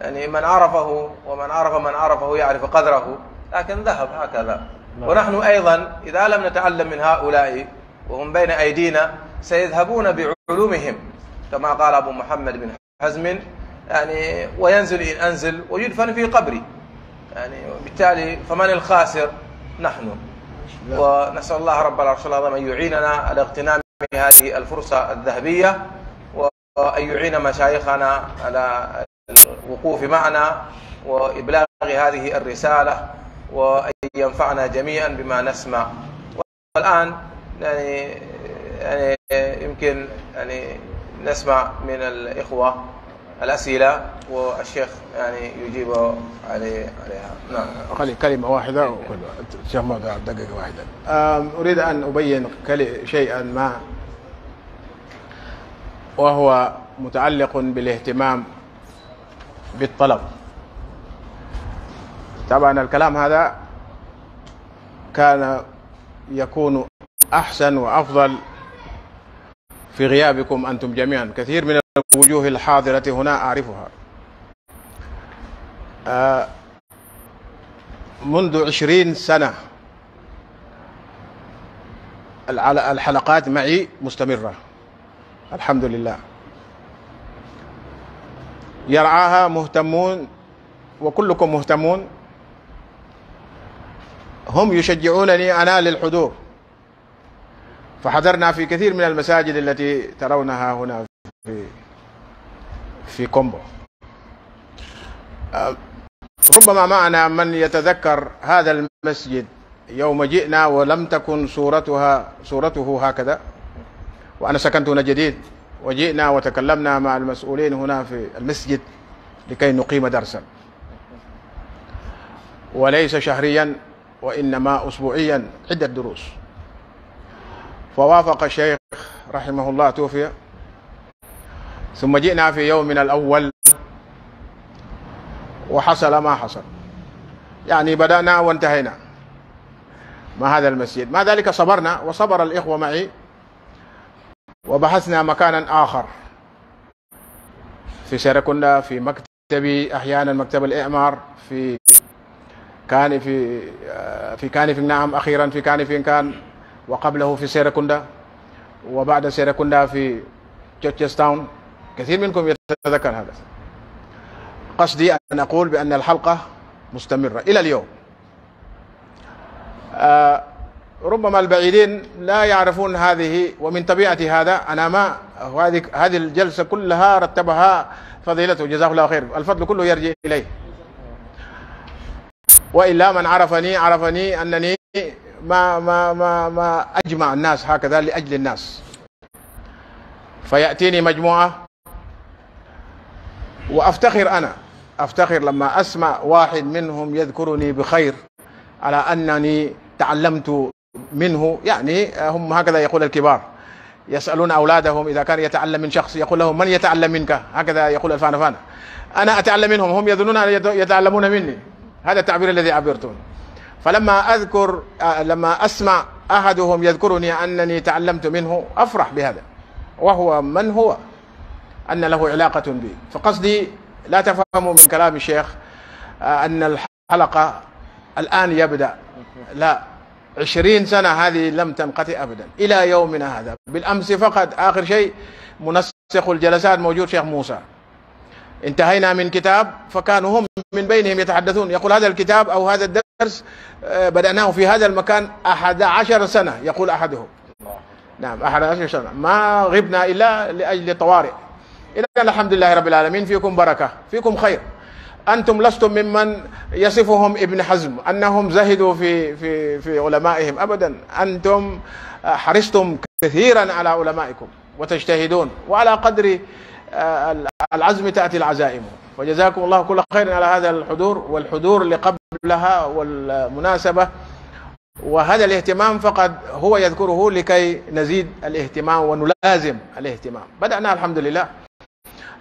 يعني من عرفه ومن عرف من عرفه يعرف قدره لكن ذهب هكذا نعم. ونحن أيضا إذا لم نتعلم من هؤلاء وهم بين أيدينا سيذهبون بعلومهم كما قال أبو محمد بن حزم يعني وينزل إن أنزل ويدفن في قبري يعني بالتالي فمن الخاسر نحن نعم. ونسأل الله رب العرش العظيم أن يعيننا على اغتنام هذه الفرصة الذهبية وأن يعين مشايخنا على الوقوف معنا وإبلاغ هذه الرسالة وأن ينفعنا جميعا بما نسمع والآن يعني يعني يمكن يعني نسمع من الإخوة الأسئلة والشيخ يعني يجيب عليه عليها نعم خلي كلمة واحدة الشيخ موضع دقيقة واحدة أريد أن أبين شيئا ما وهو متعلق بالاهتمام بالطلب طبعا الكلام هذا كان يكون أحسن وأفضل في غيابكم أنتم جميعا كثير من الوجوه الحاضرة هنا أعرفها آه، منذ عشرين سنة الحلقات معي مستمرة الحمد لله يرعاها مهتمون وكلكم مهتمون هم يشجعونني أنا للحضور فحضرنا في كثير من المساجد التي ترونها هنا في في كومبو أه، ربما معنا من يتذكر هذا المسجد يوم جئنا ولم تكن صورتها صورته هكذا وأنا سكنت هنا جديد وجئنا وتكلمنا مع المسؤولين هنا في المسجد لكي نقيم درسا وليس شهريا وإنما أسبوعيا عدة دروس فوافق الشيخ رحمه الله توفي ثم جئنا في يومنا الأول وحصل ما حصل يعني بدأنا وانتهينا مع هذا المسجد مع ذلك صبرنا وصبر الإخوة معي وبحثنا مكانا آخر في شركنا في مكتبي أحيانا مكتب الإعمار في كان في آه، في كان في نعم أخيرا في كان في كان وقبله في سيركوندا وبعد سيركوندا في تشيستاون كثير منكم يتذكر هذا قصدي أن أقول بأن الحلقة مستمرة إلى اليوم آه، ربما البعيدين لا يعرفون هذه ومن طبيعة هذا أنا ما هذه هذه الجلسة كلها رتبها فضيلته جزاه الله خير الفضل كله يرجع إليه وإلا من عرفني عرفني أنني ما ما ما ما اجمع الناس هكذا لاجل الناس فياتيني مجموعه وافتخر انا افتخر لما اسمع واحد منهم يذكرني بخير على انني تعلمت منه يعني هم هكذا يقول الكبار يسالون اولادهم اذا كان يتعلم من شخص يقول لهم من يتعلم منك هكذا يقول فانا انا اتعلم منهم هم يظنون يتعلمون مني هذا التعبير الذي عبرته فلما أذكر آه، لما أسمع أحدهم يذكرني أنني تعلمت منه أفرح بهذا وهو من هو أن له علاقة بي فقصدي لا تفهموا من كلام الشيخ آه، أن الحلقة الآن يبدأ لا عشرين سنة هذه لم تنقطع أبدا إلى يومنا هذا بالأمس فقط آخر شيء منسق الجلسات موجود شيخ موسى انتهينا من كتاب فكانوا هم من بينهم يتحدثون يقول هذا الكتاب أو هذا الدرس آه، بدأناه في هذا المكان أحد عشر سنة يقول أحدهم نعم أحد عشر سنة ما غبنا إلا لأجل طوارئ إذا الحمد لله رب العالمين فيكم بركة فيكم خير أنتم لستم ممن يصفهم ابن حزم أنهم زهدوا في في في علمائهم أبدا أنتم حرصتم كثيرا على علمائكم وتجتهدون وعلى قدر آه، العزم تأتي العزائم وجزاكم الله كل خير على هذا الحضور والحضور اللي قبلها والمناسبة وهذا الاهتمام فقط هو يذكره لكي نزيد الاهتمام ونلازم الاهتمام بدأنا الحمد لله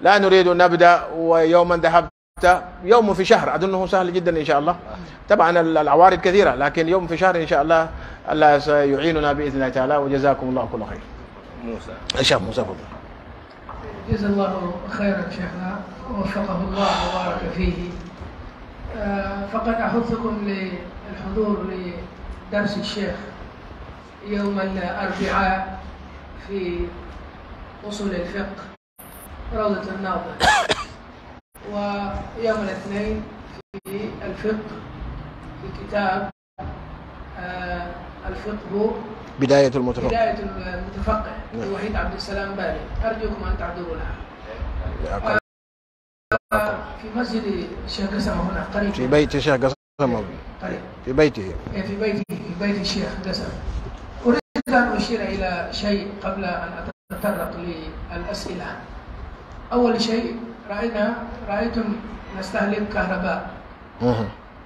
لا نريد أن نبدأ ويوما ذهبت يوم في شهر أظنه سهل جدا إن شاء الله طبعا العوارض كثيرة لكن يوم في شهر إن شاء الله الله سيعيننا بإذن الله تعالى وجزاكم الله كل خير موسى الله موسى فضل جزا الله خيرا شيخنا ووفقه الله وبارك فيه آه، فقد أحثكم للحضور لدرس الشيخ يوم الأربعاء في أصول الفقه روضة الناظر ويوم الاثنين في الفقه في كتاب آه، الفقه بداية المتفقه بداية المتفقه نعم. وحيد عبد السلام بالي أرجوكم أن تعذروا لها في مسجد شيخ قسمه هنا قريب في بيت شيخ قسمه قريب في بيته إيه، في بيته في بيت الشيخ قسم أريد أن أشير إلى شيء قبل أن أتطرق للأسئلة أول شيء رأينا رأيتم نستهلك كهرباء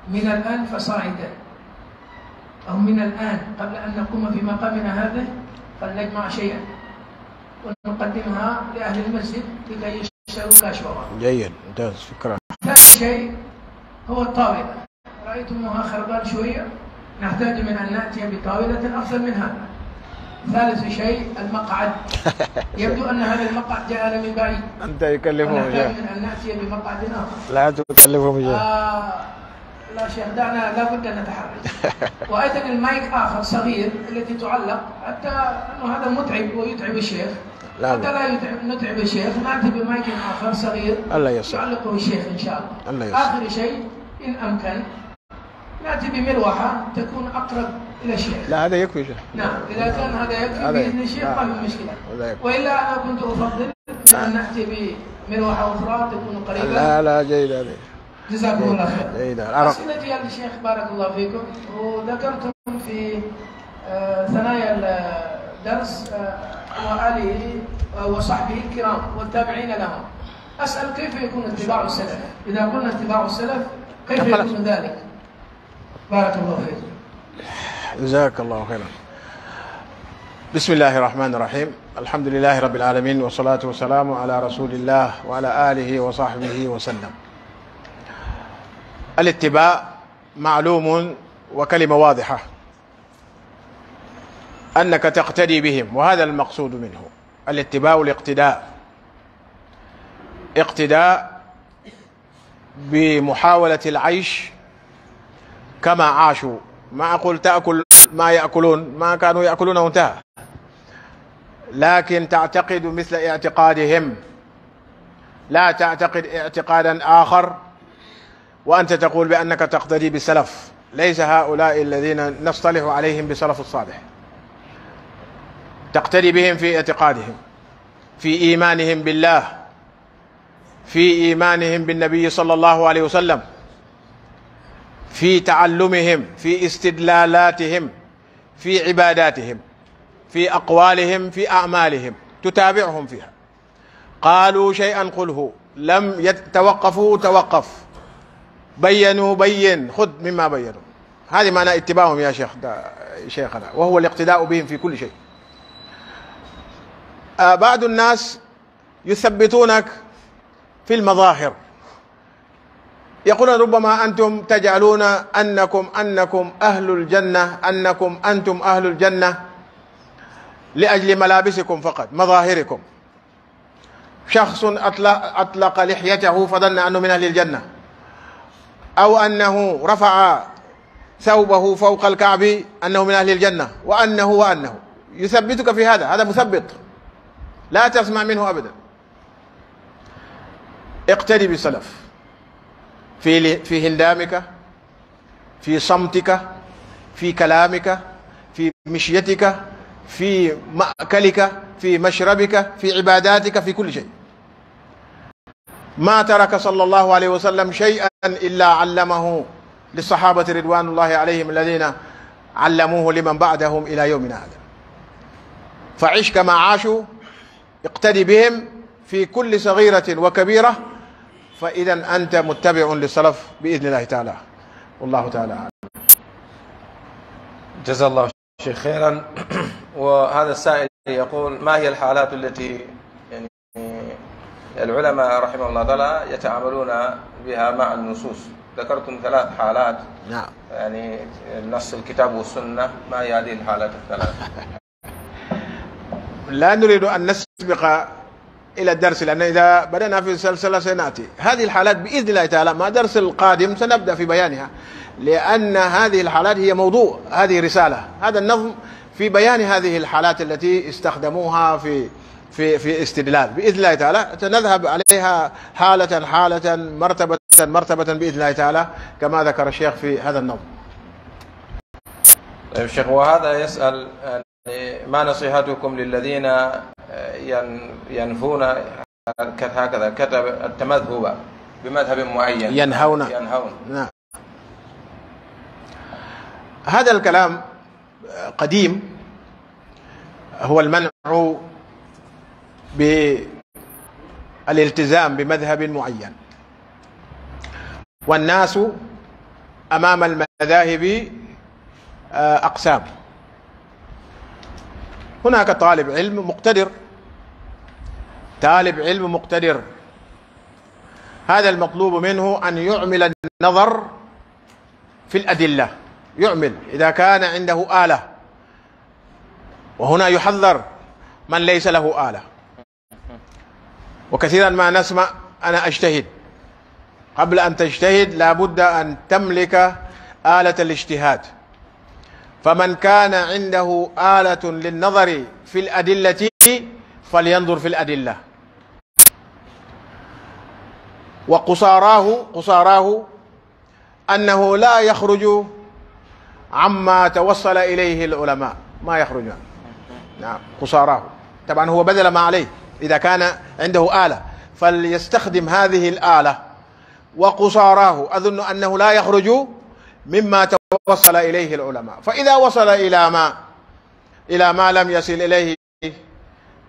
من الأنف صاعدا أو من الآن قبل أن نقوم في مقامنا هذه فلنجمع شيئا ونقدمها لأهل المسجد لكي يشتروا كاشورا جيد ممتاز شكرا ثاني شيء هو الطاولة رأيتموها خربان شوية نحتاج من أن نأتي بطاولة أفضل من هذا ثالث شيء المقعد [LAUGHS] يبدو أن هذا المقعد جاءنا من بعيد أنت يكلفهم نحتاج من أن نأتي بمقعد آخر لا تكلفهم آه لا شيخ دعنا لابد ان نتحرك [LAUGHS] وايضا المايك اخر صغير التي تعلق حتى انه هذا متعب ويتعب الشيخ لا حتى لا يتعب نتعب الشيخ ناتي بمايك اخر صغير الله يسر يعلقه الشيخ ان شاء الله الله يسر اخر شيء ان امكن ناتي بمروحه تكون اقرب الى الشيخ لا هذا يكفي شيخ نعم اذا نعم. كان هذا يكفي باذن الشيخ ما في مشكله والا انا كنت افضل ان ناتي بمروحه اخرى تكون قريبه لا لا جيد هذه جزاكم الله خير الاسئله ديال الشيخ بارك الله فيكم وذكرتم في آه، ثنايا الدرس آه، واله وصحبه الكرام والتابعين لهم اسال كيف يكون اتباع السلف اذا قلنا اتباع السلف كيف يكون ذلك بارك الله فيكم جزاك الله خيرا بسم الله الرحمن الرحيم الحمد لله رب العالمين والصلاة والسلام على رسول الله وعلى آله وصحبه وسلم الاتباع معلوم وكلمة واضحة أنك تقتدي بهم وهذا المقصود منه الاتباع الاقتداء اقتداء بمحاولة العيش كما عاشوا ما أقول تأكل ما يأكلون ما كانوا يأكلون وانتهى لكن تعتقد مثل اعتقادهم لا تعتقد اعتقادا آخر وأنت تقول بأنك تقتدي بسلف ليس هؤلاء الذين نصطلح عليهم بسلف الصالح تقتدي بهم في اعتقادهم في إيمانهم بالله في إيمانهم بالنبي صلى الله عليه وسلم في تعلمهم في استدلالاتهم في عباداتهم في أقوالهم في أعمالهم تتابعهم فيها قالوا شيئا قله لم يتوقفوا توقف بينوا بين خذ مما بينوا هذه معنى اتباعهم يا شيخ شيخنا وهو الاقتداء بهم في كل شيء آه، بعض الناس يثبتونك في المظاهر يقولون ربما أنتم تجعلون أنكم أنكم أهل الجنة أنكم أنتم أهل الجنة لأجل ملابسكم فقط مظاهركم شخص أطلق, أطلق لحيته فظن أنه من أهل الجنة أو أنه رفع ثوبه فوق الكعب أنه من أهل الجنة وأنه وأنه يثبتك في هذا هذا مثبت لا تسمع منه أبدا اقتدي بالسلف في في هندامك في صمتك في كلامك في مشيتك في مأكلك في مشربك في عباداتك في كل شيء ما ترك صلى الله عليه وسلم شيئا إلا علمه للصحابة رضوان الله عليهم الذين علموه لمن بعدهم إلى يومنا هذا فعش كما عاشوا اقتدي بهم في كل صغيرة وكبيرة فإذا أنت متبع للسلف بإذن الله تعالى والله تعالى أعلم جزا الله شيخ خيرا [CLEARS THROAT] وهذا السائل يقول ما هي الحالات التي العلماء رحمه الله تعالى يتعاملون بها مع النصوص ذكرتم ثلاث حالات نعم يعني نص الكتاب والسنة ما هي هذه الحالات الثلاث [LAUGHS] لا نريد أن نسبق إلى الدرس لأن إذا بدأنا في السلسلة سنأتي هذه الحالات بإذن الله تعالى ما درس القادم سنبدأ في بيانها لأن هذه الحالات هي موضوع هذه رسالة هذا النظم في بيان هذه الحالات التي استخدموها في في في استدلال باذن الله تعالى نذهب عليها حاله حاله مرتبه مرتبه باذن الله تعالى كما ذكر الشيخ في هذا النظم. طيب شيخ وهذا يسال ما نصيحتكم للذين ينفون هكذا كتب التمذهب بمذهب معين ينهون ينهون نعم هذا الكلام قديم هو المنع بالالتزام بمذهب معين والناس امام المذاهب آه، اقسام هناك طالب علم مقتدر طالب علم مقتدر هذا المطلوب منه ان يعمل النظر في الادله يعمل اذا كان عنده اله وهنا يحذر من ليس له اله وكثيرا ما نسمع أنا أجتهد قبل أن تجتهد لابد أن تملك آلة الاجتهاد فمن كان عنده آلة للنظر في الأدلة فلينظر في الأدلة وقصاراه قصاراه أنه لا يخرج عما توصل إليه العلماء ما يخرج نعم قصاراه طبعا هو بذل ما عليه إذا كان عنده آلة فليستخدم هذه الآلة وقصاراه أظن أنه لا يخرج مما توصل إليه العلماء فإذا وصل إلى ما إلى ما لم يصل إليه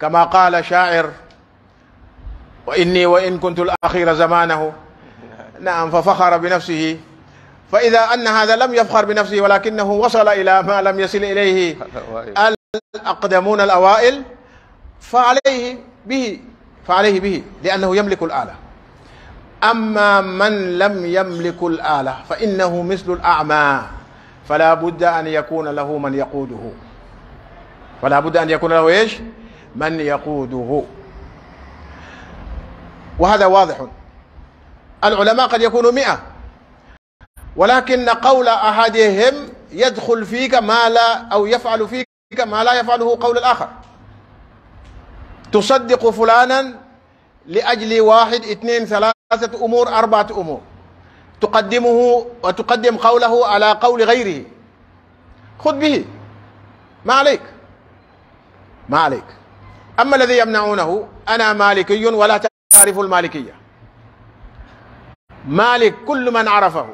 كما قال شاعر وإني وإن كنت الأخير زمانه نعم ففخر بنفسه فإذا أن هذا لم يفخر بنفسه ولكنه وصل إلى ما لم يصل إليه الأقدمون الأوائل فعليه به فعليه به لأنه يملك الآلة أما من لم يملك الآلة فإنه مثل الأعمى فلا بد أن يكون له من يقوده فلا بد أن يكون له إيش من يقوده وهذا واضح العلماء قد يكونوا مئة ولكن قول أحدهم يدخل فيك ما لا أو يفعل فيك ما لا يفعله قول الآخر تصدق فلانا لأجل واحد اثنين ثلاثة أمور أربعة أمور تقدمه وتقدم قوله على قول غيره خذ به ما عليك ما عليك أما الذي يمنعونه أنا مالكي ولا تعرف المالكية مالك كل من عرفه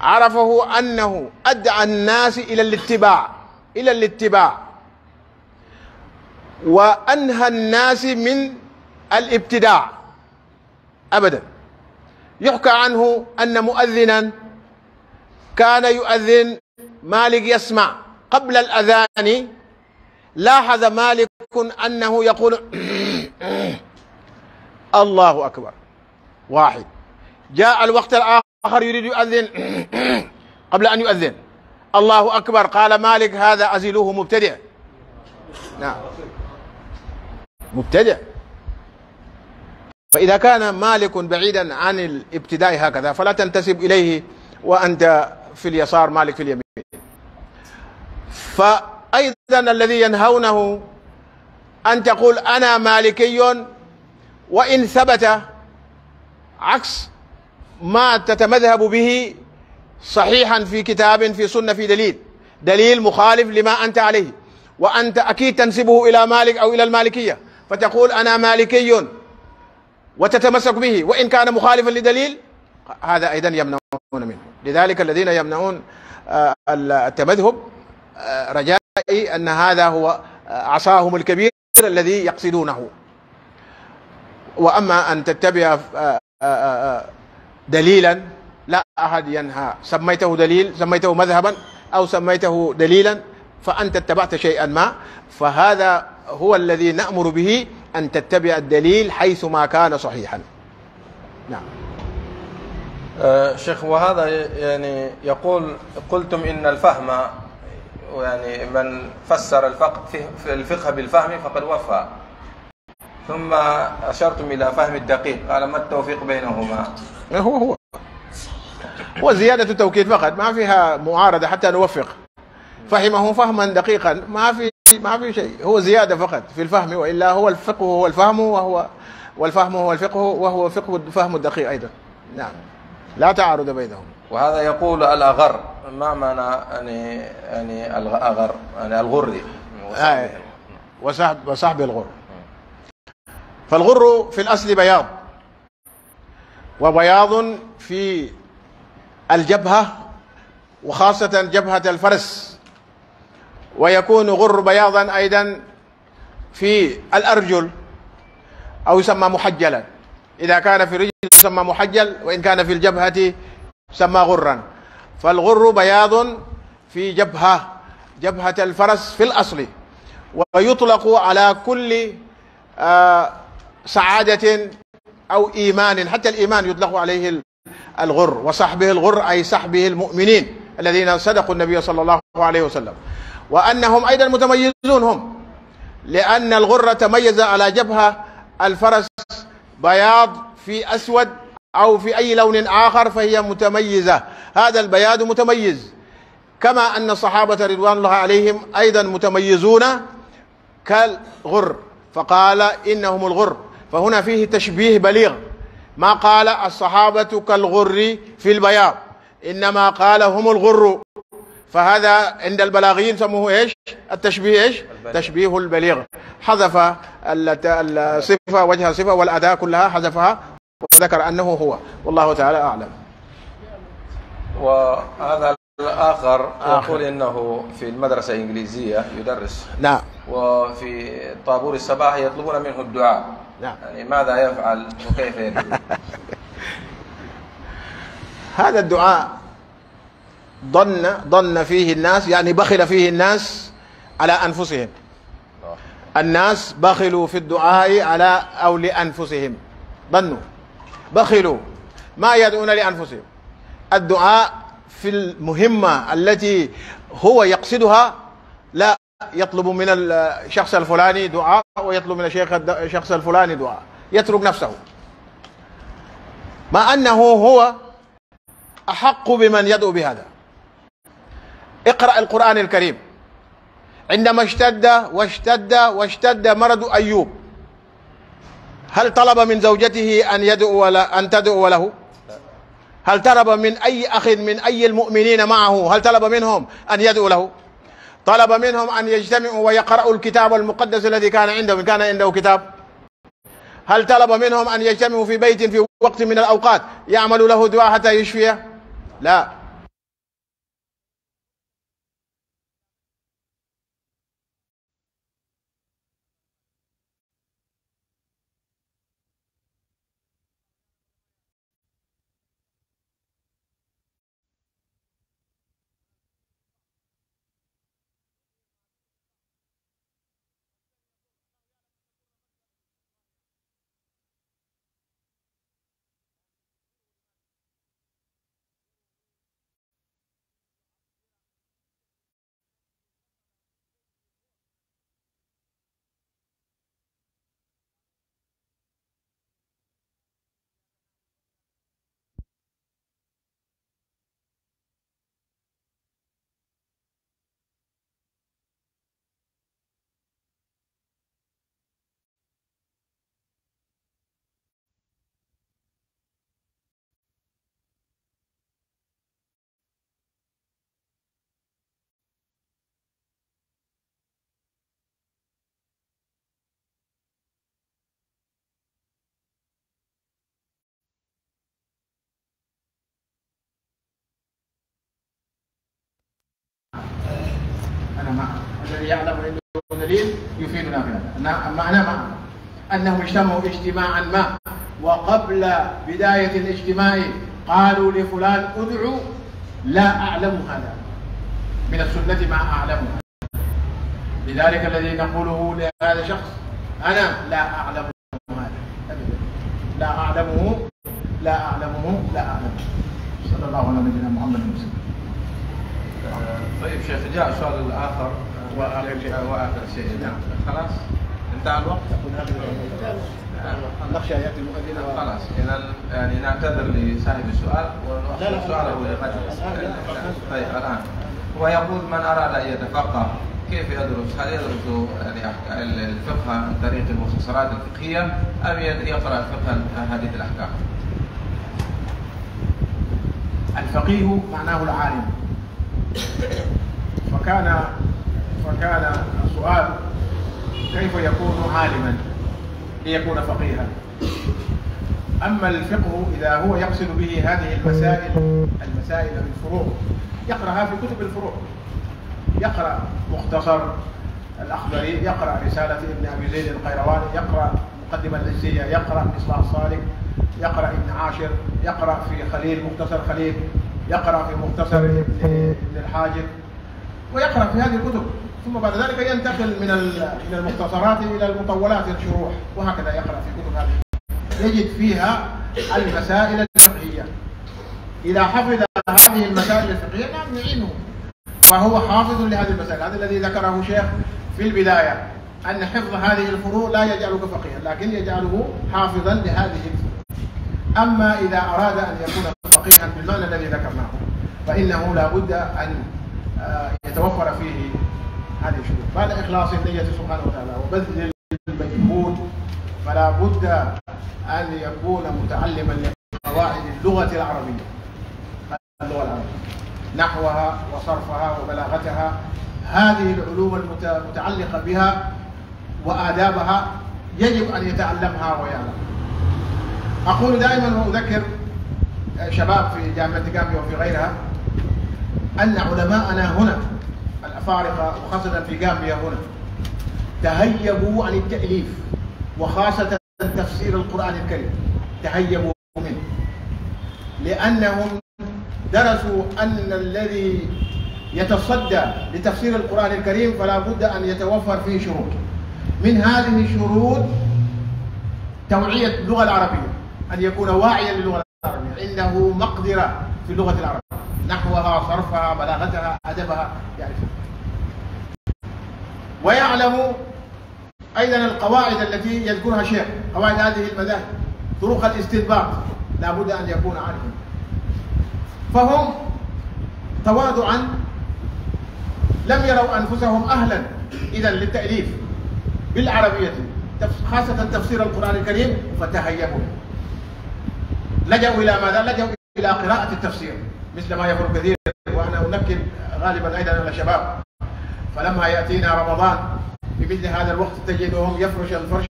عرفه أنه أدعى الناس إلى الاتباع إلى الاتباع وأنهى الناس من الابتداع أبدا يحكى عنه أن مؤذنا كان يؤذن مالك يسمع قبل الأذان لاحظ مالك أنه يقول [COUGHS] الله أكبر واحد جاء الوقت الآخر يريد يؤذن [COUGHS] قبل أن يؤذن الله أكبر قال مالك هذا أزله مبتدع نعم مبتدع فإذا كان مالك بعيدا عن الابتداء هكذا فلا تنتسب إليه وأنت في اليسار مالك في اليمين فأيضا الذي ينهونه أن تقول أنا مالكي وإن ثبت عكس ما تتمذهب به صحيحا في كتاب في سنة في دليل دليل مخالف لما أنت عليه وأنت أكيد تنسبه إلى مالك أو إلى المالكية فتقول أنا مالكي وتتمسك به وإن كان مخالفا لدليل هذا أيضا يمنعون منه لذلك الذين يمنعون آه، التمذهب آه، رجائي أن هذا هو آه، عصاهم الكبير الذي يقصدونه وأما أن تتبع دليلا لا أحد ينهى سميته دليل سميته مذهبا أو سميته دليلا فأنت اتبعت شيئا ما فهذا هو الذي نأمر به أن تتبع الدليل حيث ما كان صحيحا نعم أه شيخ وهذا يعني يقول قلتم إن الفهم يعني من فسر الفقه الفقه بالفهم فقد وفى ثم أشرتم إلى فهم الدقيق قال ما التوفيق بينهما هو هو وزيادة التوكيد فقط ما فيها معارضة حتى نوفق فهمه فهما دقيقا ما في ما في شيء هو زياده فقط في الفهم والا هو الفقه هو الفهم وهو والفهم هو الفقه وهو فقه الفهم الدقيق ايضا نعم لا تعارض بينهم وهذا يقول الاغر ما معنى يعني يعني الاغر يعني الغري آه، وصاحب وصاحب الغر فالغر في الاصل بياض وبياض في الجبهه وخاصه جبهه الفرس ويكون غر بياضا أيضا في الأرجل أو يسمى محجلا إذا كان في الرجل يسمى محجل وإن كان في الجبهة يسمى غرا فالغر بياض في جبهة جبهة الفرس في الأصل ويطلق على كل آه، سعادة أو إيمان حتى الإيمان يطلق عليه الغر وصحبه الغر أي صحبه المؤمنين الذين صدقوا النبي صلى الله عليه وسلم وأنهم أيضا متميزون هم لأن الغرة تميز على جبهة الفرس بياض في أسود أو في أي لون آخر فهي متميزة هذا البياض متميز كما أن الصحابة رضوان الله عليهم أيضا متميزون كالغر فقال إنهم الغر فهنا فيه تشبيه بليغ ما قال الصحابة كالغر في البياض إنما قال هم الغر فهذا عند البلاغيين سموه ايش؟ التشبيه ايش؟ البليغ. تشبيه البليغ حذف الصفه وجه الصفه والاداه كلها حذفها وذكر انه هو والله تعالى اعلم. وهذا الآخر يقول إنه في المدرسة الإنجليزية يدرس نعم وفي طابور الصباح يطلبون منه الدعاء نعم يعني ماذا يفعل وكيف يدعو [LAUGHS] هذا الدعاء ظن ظن فيه الناس يعني بخل فيه الناس على أنفسهم الناس بخلوا في الدعاء على أو لأنفسهم ظنوا بخلوا ما يدعون لأنفسهم الدعاء في المهمة التي هو يقصدها لا يطلب من الشخص الفلاني دعاء ويطلب من الشيخ الشخص الفلاني دعاء يترك نفسه مع أنه هو أحق بمن يدعو بهذا اقرأ القرآن الكريم عندما اشتد واشتد واشتد مرض أيوب هل طلب من زوجته أن يدعو أن تدعو له؟ هل طلب من أي أخ من أي المؤمنين معه هل طلب منهم أن يدعو له؟ طلب منهم أن يجتمعوا ويقرأوا الكتاب المقدس الذي كان عنده كان عنده كتاب هل طلب منهم أن يجتمعوا في بيت في وقت من الأوقات يعملوا له دعاء حتى يشفيه لا يعلم انه دليل يفيدنا في هذا معنى ما انهم اجتمعوا اجتماعا ما وقبل بدايه الاجتماع قالوا لفلان ادعو لا اعلم هذا من السنه ما اعلمها لذلك الذي نقوله لهذا الشخص انا لا اعلم هذا ابدا لا اعلمه لا اعلمه لا اعلمه صلى الله على نبينا محمد وسلم طيب شيخ جاء سؤال اخر واخر شيء واخر شيء نعم خلاص انتهى الوقت نعم. نخشى ياتي المؤذن خلاص اذا يعني نعتذر لصاحب السؤال ونؤخر سؤاله لغد طيب الان ويقول من اراد ان يتفقه كيف يدرس؟ هل يدرس يعني الفقه عن طريق المختصرات الفقهيه ام يقرا فقه هذه الاحكام؟ الفقيه معناه العالم وكان وكان السؤال كيف يكون عالما ليكون فقيها أما الفقه إذا هو يقصد به هذه المسائل المسائل الفروع يقرأها في كتب الفروع يقرأ مختصر الأخضري يقرأ رسالة ابن أبي زيد القيرواني يقرأ مقدمة الأجزية يقرأ إصلاح صالح يقرأ ابن عاشر يقرأ في خليل مختصر خليل يقرأ في مختصر ابن الحاجب ويقرأ في هذه الكتب ثم بعد ذلك ينتقل من من المختصرات الى المطولات الشروح وهكذا يقرا في كتب هذه يجد فيها المسائل الفقهيه اذا حفظ هذه المسائل الفقهيه نعم يعينه فهو حافظ لهذه المسائل هذا الذي ذكره شيخ في البدايه ان حفظ هذه الفروع لا يجعلك فقيها لكن يجعله حافظا لهذه الفروع اما اذا اراد ان يكون فقيها بالمعنى الذي ذكرناه فانه لا بد ان آه، يتوفر فيه هذه الشروط بعد إخلاص النية سبحانه وتعالى وبذل المجهود فلا بد أن يكون متعلما لقواعد اللغة العربية اللغة العربية نحوها وصرفها وبلاغتها هذه العلوم المتعلقة بها وآدابها يجب أن يتعلمها ويعلمها أقول دائما وأذكر آه، شباب في جامعة جامبيا وفي غيرها أن علماءنا هنا الأفارقة وخاصة في غامبيا هنا تهيبوا عن التأليف وخاصة تفسير القرآن الكريم تهيبوا منه لأنهم درسوا أن الذي يتصدى لتفسير القرآن الكريم فلا بد أن يتوفر فيه شروط من هذه الشروط توعية اللغة العربية أن يكون واعيا للغة العربية عنده مقدرة في اللغة العربية نحوها صرفها بلاغتها أدبها يعرفها يعني ويعلم أيضا القواعد التي يذكرها شيخ قواعد هذه المذاهب طرق الاستنباط لابد أن يكون عارفا فهم تواضعا لم يروا أنفسهم أهلا إذا للتأليف بالعربية خاصة تفسير القرآن الكريم فتهيبوا لجأوا إلى ماذا؟ لجأوا إلى قراءة التفسير مثل ما يقول كثير وأنا أنكر غالبا أيضا على الشباب فلما يأتينا رمضان في مثل هذا الوقت تجدهم يفرش الفرشة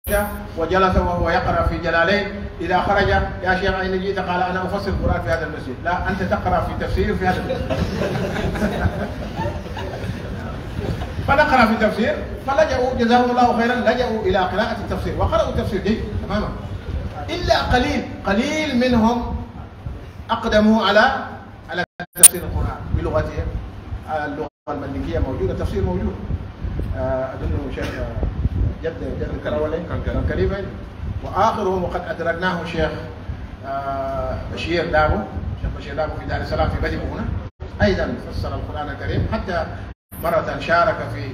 وجلس وهو يقرأ في جلالين إذا خرج يا شيخ أين جئت قال أنا أفسر القرآن في هذا المسجد لا أنت تقرأ في تفسير في هذا المسجد [LAUGHS] فنقرأ في تفسير فلجأوا جزاهم الله خيرا لجأوا إلى قراءة التفسير وقرأوا التفسير جيد تماما إلا قليل قليل منهم أقدموا على على تفسير القرآن بلغتهم اللغه الملكيه موجوده التفسير موجود آه، اظن شيخ جد جد الكراولي كان كريم واخرهم وقد ادركناه شيخ آه، بشير دابو شيخ بشير دابو في دار السلام في بدر هنا ايضا فسر القران الكريم حتى مره شارك في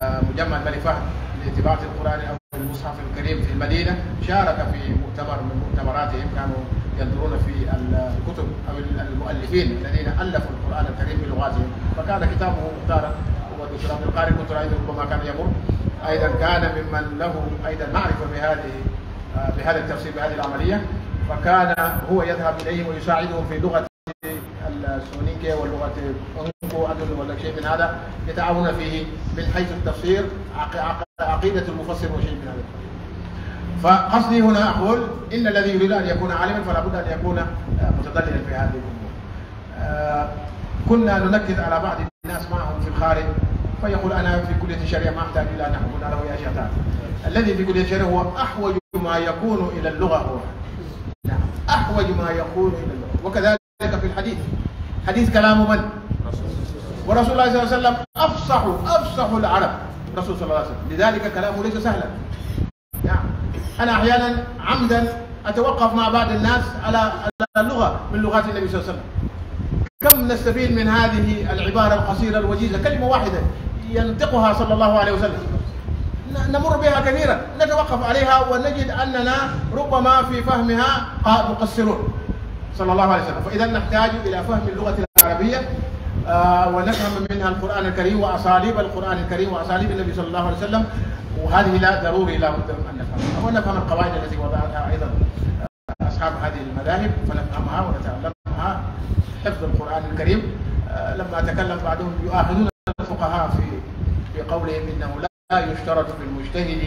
آه، مجمع الملك فهد لاتباعه القران او المصحف الكريم في المدينه شارك في مؤتمر من مؤتمراتهم كانوا ينظرون في الكتب او المؤلفين الذين الفوا القران الكريم بلغاتهم فكان كتابه مختارا والدكتور عبد القارئ كنت ايضا ربما كان يمر ايضا كان ممن له ايضا معرفه بهذه آه، بهذا التفسير بهذه العمليه فكان هو يذهب اليهم ويساعدهم في لغه السونيكية واللغة اونكو أدل ولا شيء من هذا يتعاون فيه من حيث التفسير عقيدة المفسر وشيء من هذا فقصدي هنا أقول إن الذي يريد أن يكون عالما فلا بد أن يكون آه، متدللا في هذه الأمور آه، كنا ننكد على بعض الناس معهم في الخارج فيقول أنا في كلية الشريعة ما أحتاج إلى أن أكون له أشياء الذي في كلية الشريعة هو أحوج ما يكون إلى اللغة هو نعم أحوج ما يكون إلى اللغة وكذلك في الحديث حديث كلام من؟ ورسول الله صلى الله عليه وسلم افصح افصح العرب الرسول صلى الله عليه وسلم لذلك كلامه ليس سهلا يعني انا احيانا عمدا اتوقف مع بعض الناس على اللغه من لغات النبي صلى الله عليه وسلم كم نستفيد من هذه العباره القصيره الوجيزه كلمه واحده ينطقها صلى الله عليه وسلم نمر بها كثيرا نتوقف عليها ونجد اننا ربما في فهمها مقصرون صلى الله عليه وسلم فإذا نحتاج إلى فهم اللغة العربية آه، ونفهم منها القرآن الكريم وأساليب القرآن الكريم وأساليب النبي صلى الله عليه وسلم وهذه لا ضروري لا بد أن نفهمها ونفهم القواعد التي وضعها أيضا آه، أصحاب هذه المذاهب فنفهمها ونتعلمها حفظ القرآن الكريم آه، لما تكلم بعضهم يؤاخذون الفقهاء في في قولهم انه لا لا يشترط في المجتهد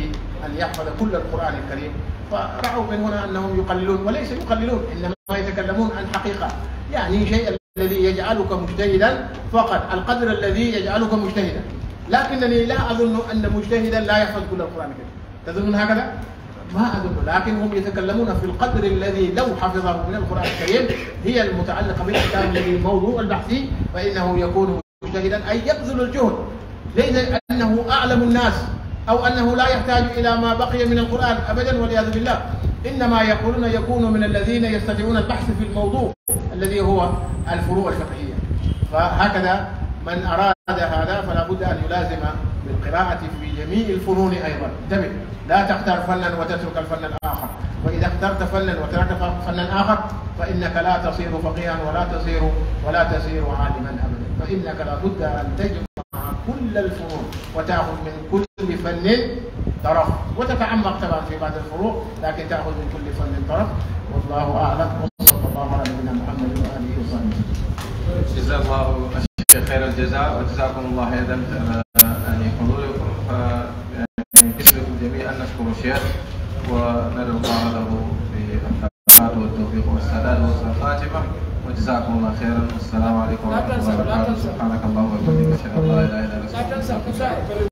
أن يحفظ كل القرآن الكريم فرعوا من هنا أنهم يقللون وليس يقللون إنما يتكلمون عن حقيقة يعني شيء الذي يجعلك مجتهدا فقط القدر الذي يجعلك مجتهدا لكنني لا أظن أن مجتهدا لا يحفظ كل القرآن الكريم تظنون هكذا؟ ما أظن لكن هم يتكلمون في القدر الذي لو حفظه من القرآن الكريم هي المتعلقة بالكتاب الذي موضوع البحث فإنه يكون مجتهدا أي يبذل الجهد ليس أنه أعلم الناس أو أنه لا يحتاج إلى ما بقي من القرآن أبدا والعياذ بالله إنما يقولون يكون من الذين يستطيعون البحث في الموضوع الذي هو الفروع الفقهية فهكذا من أراد هذا فلا بد أن يلازم بالقراءة في جميع الفنون أيضا انتبه لا تختار فنا وتترك الفن الآخر وإذا اخترت فنا وتركت فنا آخر فإنك لا تصير فقيها ولا تصير ولا تصير عالما أبدا فإنك لا بد أن تجمع كل الفروع وتاخذ من كل فن طرف وتتعمق طبعا في بعض الفروع لكن تاخذ من كل فن طرف والله اعلم وصلى الله على نبينا محمد واله وصحبه. جزا الله الشيخ خير الجزاء وجزاكم الله ايضا آه، يعني حضوركم آه، يعني باسمكم جميعا نشكر الشيخ وندعو الله له بالخيرات والتوفيق والسداد والخاتمه وجزاكم الله خيرا والسلام عليكم ورحمه الله وبركاته سبحانك اللهم وبحمدك اشهد ان لا اله الا انت